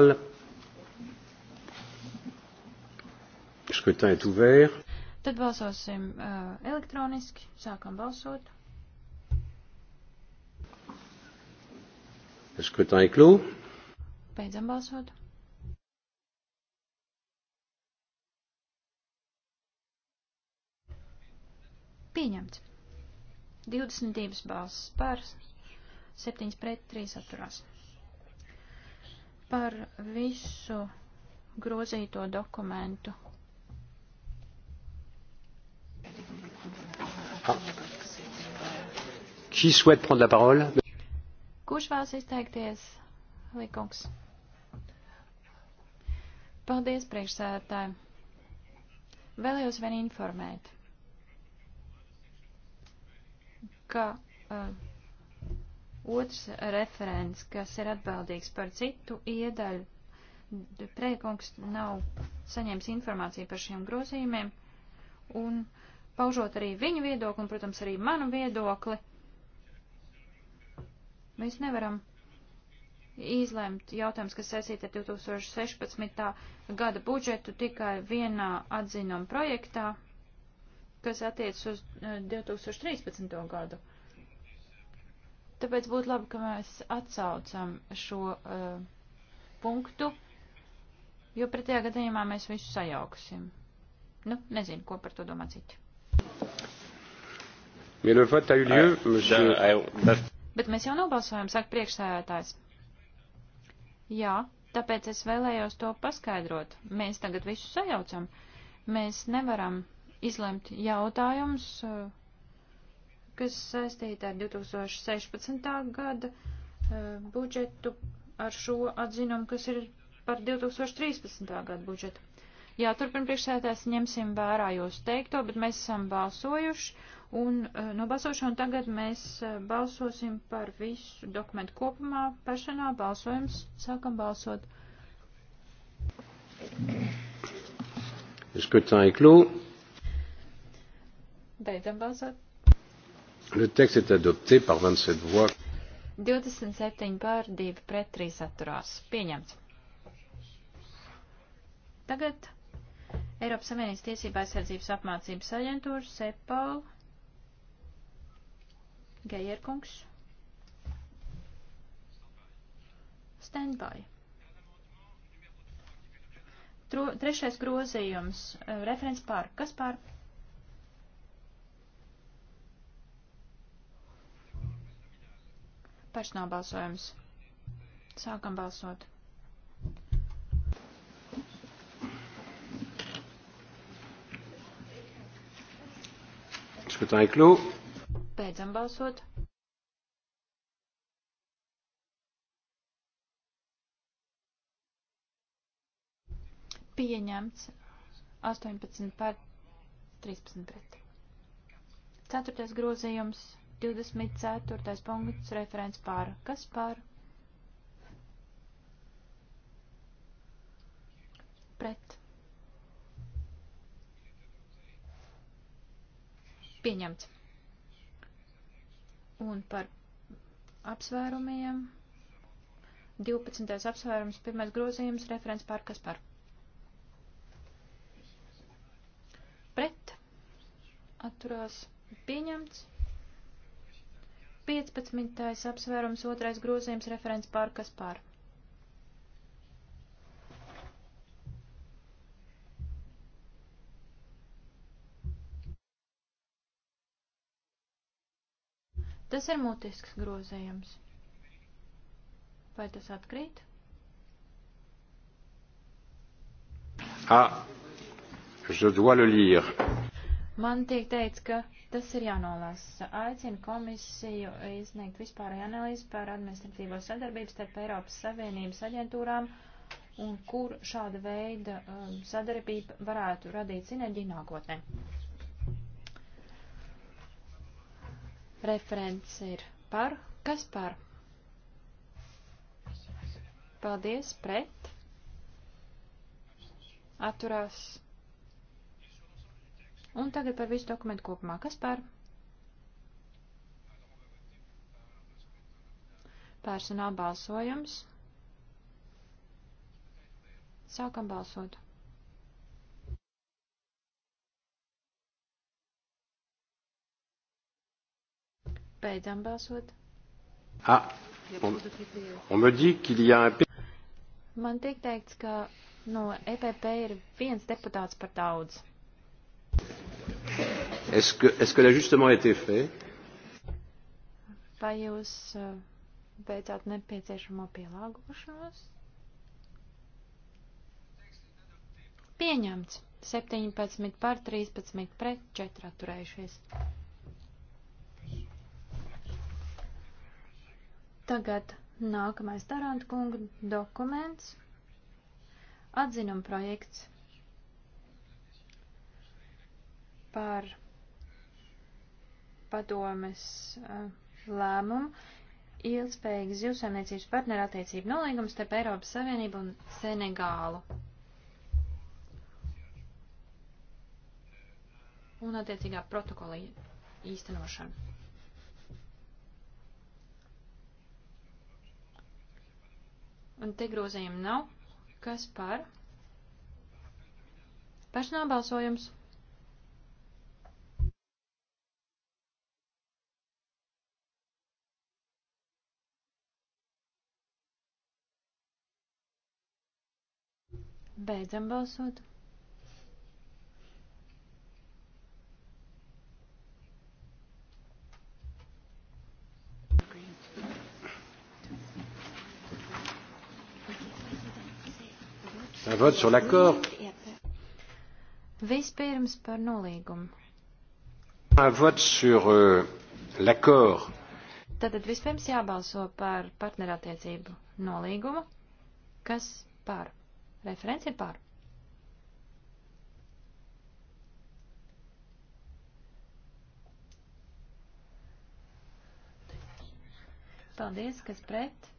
Al. Skatājiet, uvēr. Tad balsosim uh, elektroniski, sākam balsot. Le scrutin est clos. Beidzam balsot. Pieņemts. 22 balsis par, 7 pret, 3 atturās. Par visu grozīto dokumentu. Ah. Qui souhaite prendre la parole? Kurš vēlas izteikties? Likungs. Paldies, priekšsēdētāji. Vēlējos vien informēt, ka uh, otrs referents, kas ir atbildīgs par citu iedaļu, priekungs nav saņēmis informāciju par šiem grozījumiem, un paužot arī viņu viedokli, un, protams, arī manu viedokli, uh, Mēs nevaram izlemt jautājums, kas saistīta ar 2016. gada budžetu tikai vienā atzinuma projektā, kas attiec uz 2013. Eh, gadu. Tāpēc būtu labi, ka mēs atsaucam šo uh, punktu, jo pretējā gadījumā mēs visu sajauksim. Nu, nezinu, ko par to domā citi. Mais le vote a eu lieu, ah, monsieur. Bet mēs jau nobalsojam, saka priekšsēdētājs. Jā, tāpēc es vēlējos to paskaidrot. Mēs tagad visu sajaucam. Mēs nevaram izlemt jautājumus, eh, kas saistīti ar 2016. gada eh, budžetu, ar šo atzinumu, kas ir par 2013. gada budžetu. Jā, turpin priekšsētājs ņemsim vērā jūsu teikto, bet mēs esam balsojuši Un eh, no balsošana tagad mēs eh, balsosim par visu dokumentu kopumā. Personā balsojums. Sākam balsot. Skatāj klū. Beidzam balsot. Le texte est adopté par 27 voix. 27 pār 2 pret 3 atturās. Pieņemts. Tagad Eiropas Savienības tiesība aizsardzības apmācības aģentūra, SEPAL, Gajerkungs. Standby. Tro, trešais grozījums. Eh, referents pār. Kas pār? Personāla balsojums. Sākam balsot. Skatāju klūp. Beidzam balsot. Pieņemts 18 par 13 pret. Ceturtais grozījums, 24. punkts, referents pār. Kas pār? Pret. Pieņemts un par apsvērumiem. 12. apsvērums, pirmais grozījums, referents par kas par. Pret. Atturās. Pieņemts. 15. apsvērums, otrais grozījums, referents par kas par. Tas ir mutisks grozējums. Vai tas atkrīt? Ah, je dois le lire. Man tiek teikts, ka tas ir jānolasa. Aicina komisiju izsniegt vispārēju analīzi par administratīvo sadarbību starp Eiropas Savienības aģentūrām un kur šāda veida um, sadarbība varētu radīt sinerģiju nākotnē. Referents ir par. Kas par? Paldies. Pret. Atturās. Un tagad par visu dokumentu kopumā. Kas par? Personāla balsojums. Sākam balsot. Beidzam balsot. Ah, on, on me dit qu'il y a un... Man tiek teikts, ka no EPP ir viens deputāts par daudz. Est-ce que, est que l'ajustement a été fait? Vai jūs beidzāt eh, nepieciešamo pielāgošanos? Pieņemts. 17 par 13 pret 4 atturējušies. Tagad nākamais Taranta kunga dokuments. Atzinuma projekts par padomes eh, lēmumu ilgspējīgas zivsaimniecības partnerattiecību nolīgums starp Eiropas Savienību un Senegālu. Un attiecīgā protokola īstenošana. Un te grozījumi nav. Kas par? Personāla balsojums. Beidzam balsot. Un vote sur l'accord. Vispirms par nolīgumu. Un vote sur euh, l'accord. Tātad vispirms jābalso par partnerattiecību nolīgumu. Kas par? Referents ir par. Paldies, kas pret?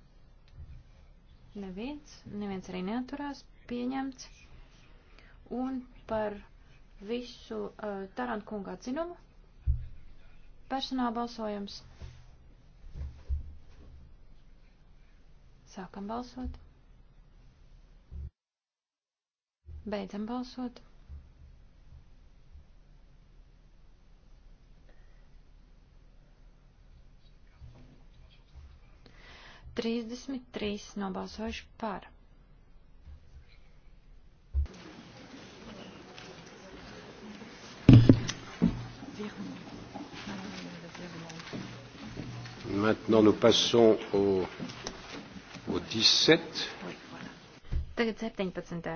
Neviens, neviens arī neaturās pieņemts. Un par visu uh, Tarantkunga atzinumu personāla balsojums. Sākam balsot. Beidzam balsot. Trīsdesmit trīs nobalsojuši par. Maintenant, nous passons au, au 17. Tagad 17.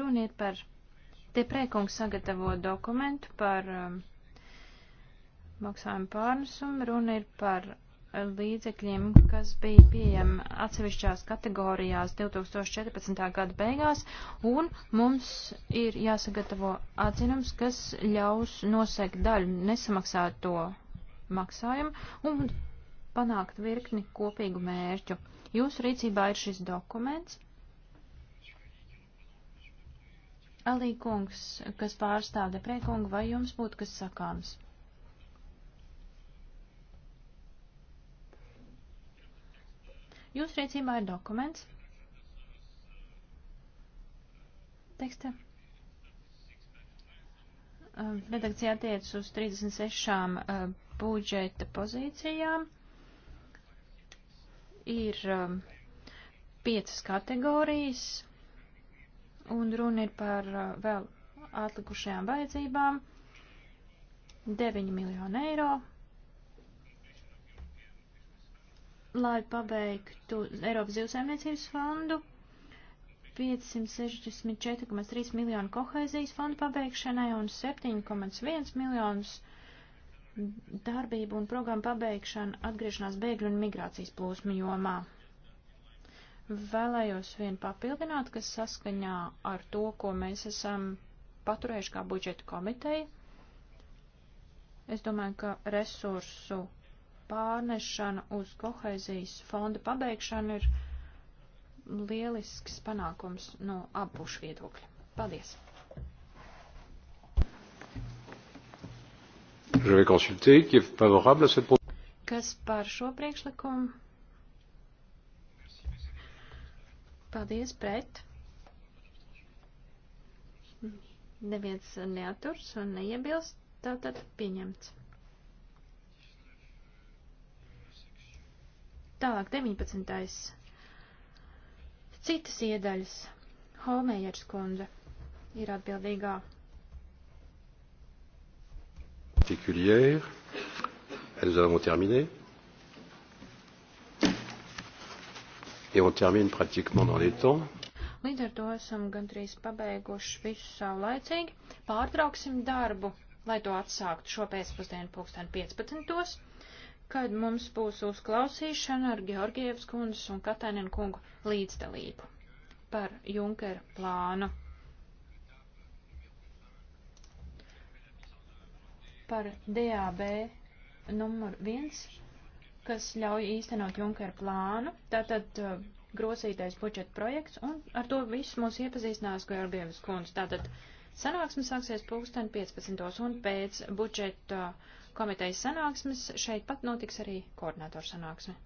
Runa ir par te prēkungs sagatavo dokumentu par um, maksājumu pārnesumu. Runa ir par līdzekļiem, kas bija pieejami atsevišķās kategorijās 2014. gada beigās, un mums ir jāsagatavo atzinums, kas ļaus nosegt daļu nesamaksāto maksājumu un panākt virkni kopīgu mērķu. Jūsu rīcībā ir šis dokuments. Alī kungs, kas pārstāv deprēkungu, vai jums būtu kas sakāms? Jūsu rīcībā ir dokuments. Teksta. Um, redakcija attiec uz 36 uh, um, budžeta pozīcijām. Ir um, piecas kategorijas, un runa ir par uh, vēl atlikušajām vajadzībām 9 miljonu eiro. lai pabeigtu Eiropas zivsaimniecības fondu, 564,3 miljonu kohēzijas fondu pabeigšanai un 7,1 miljonus darbību un programmu pabeigšanu atgriešanās bēgļu un migrācijas plūsmu jomā. Vēlējos vien papildināt, ka saskaņā ar to, ko mēs esam paturējuši kā budžeta komiteja, es domāju, ka resursu pārnešana uz kohēzijas fonda pabeigšanu ir lielisks panākums no abušu viedokļa. Paldies! Kas par šo priekšlikumu? Paldies, pret. Neviens neaturs un neiebilst, tātad pieņemts. Tālāk 19. Citas iedaļas. Holmējers kundze ir atbildīgā. Particulière. Nous avons terminé. Et on termine pratiquement dans les temps. Līdz ar to esam gandrīz pabeiguši visu savu laicīgi. Pārtrauksim darbu, lai to atsāktu šo pēcpusdienu pulksteni 15 kad mums būs uzklausīšana ar Georgievas kundzes un Katainen kungu līdzdalību par Junkera plānu. Par DAB numur viens, kas ļauj īstenot Junkera plānu, tātad uh, grozītais budžeta projekts, un ar to visu mūs iepazīstinās Georgievas kundze. Tātad sanāksme sāksies pulksten 15. un pēc budžeta uh, komitejas sanāksmes, šeit pat notiks arī koordinātoru sanāksme.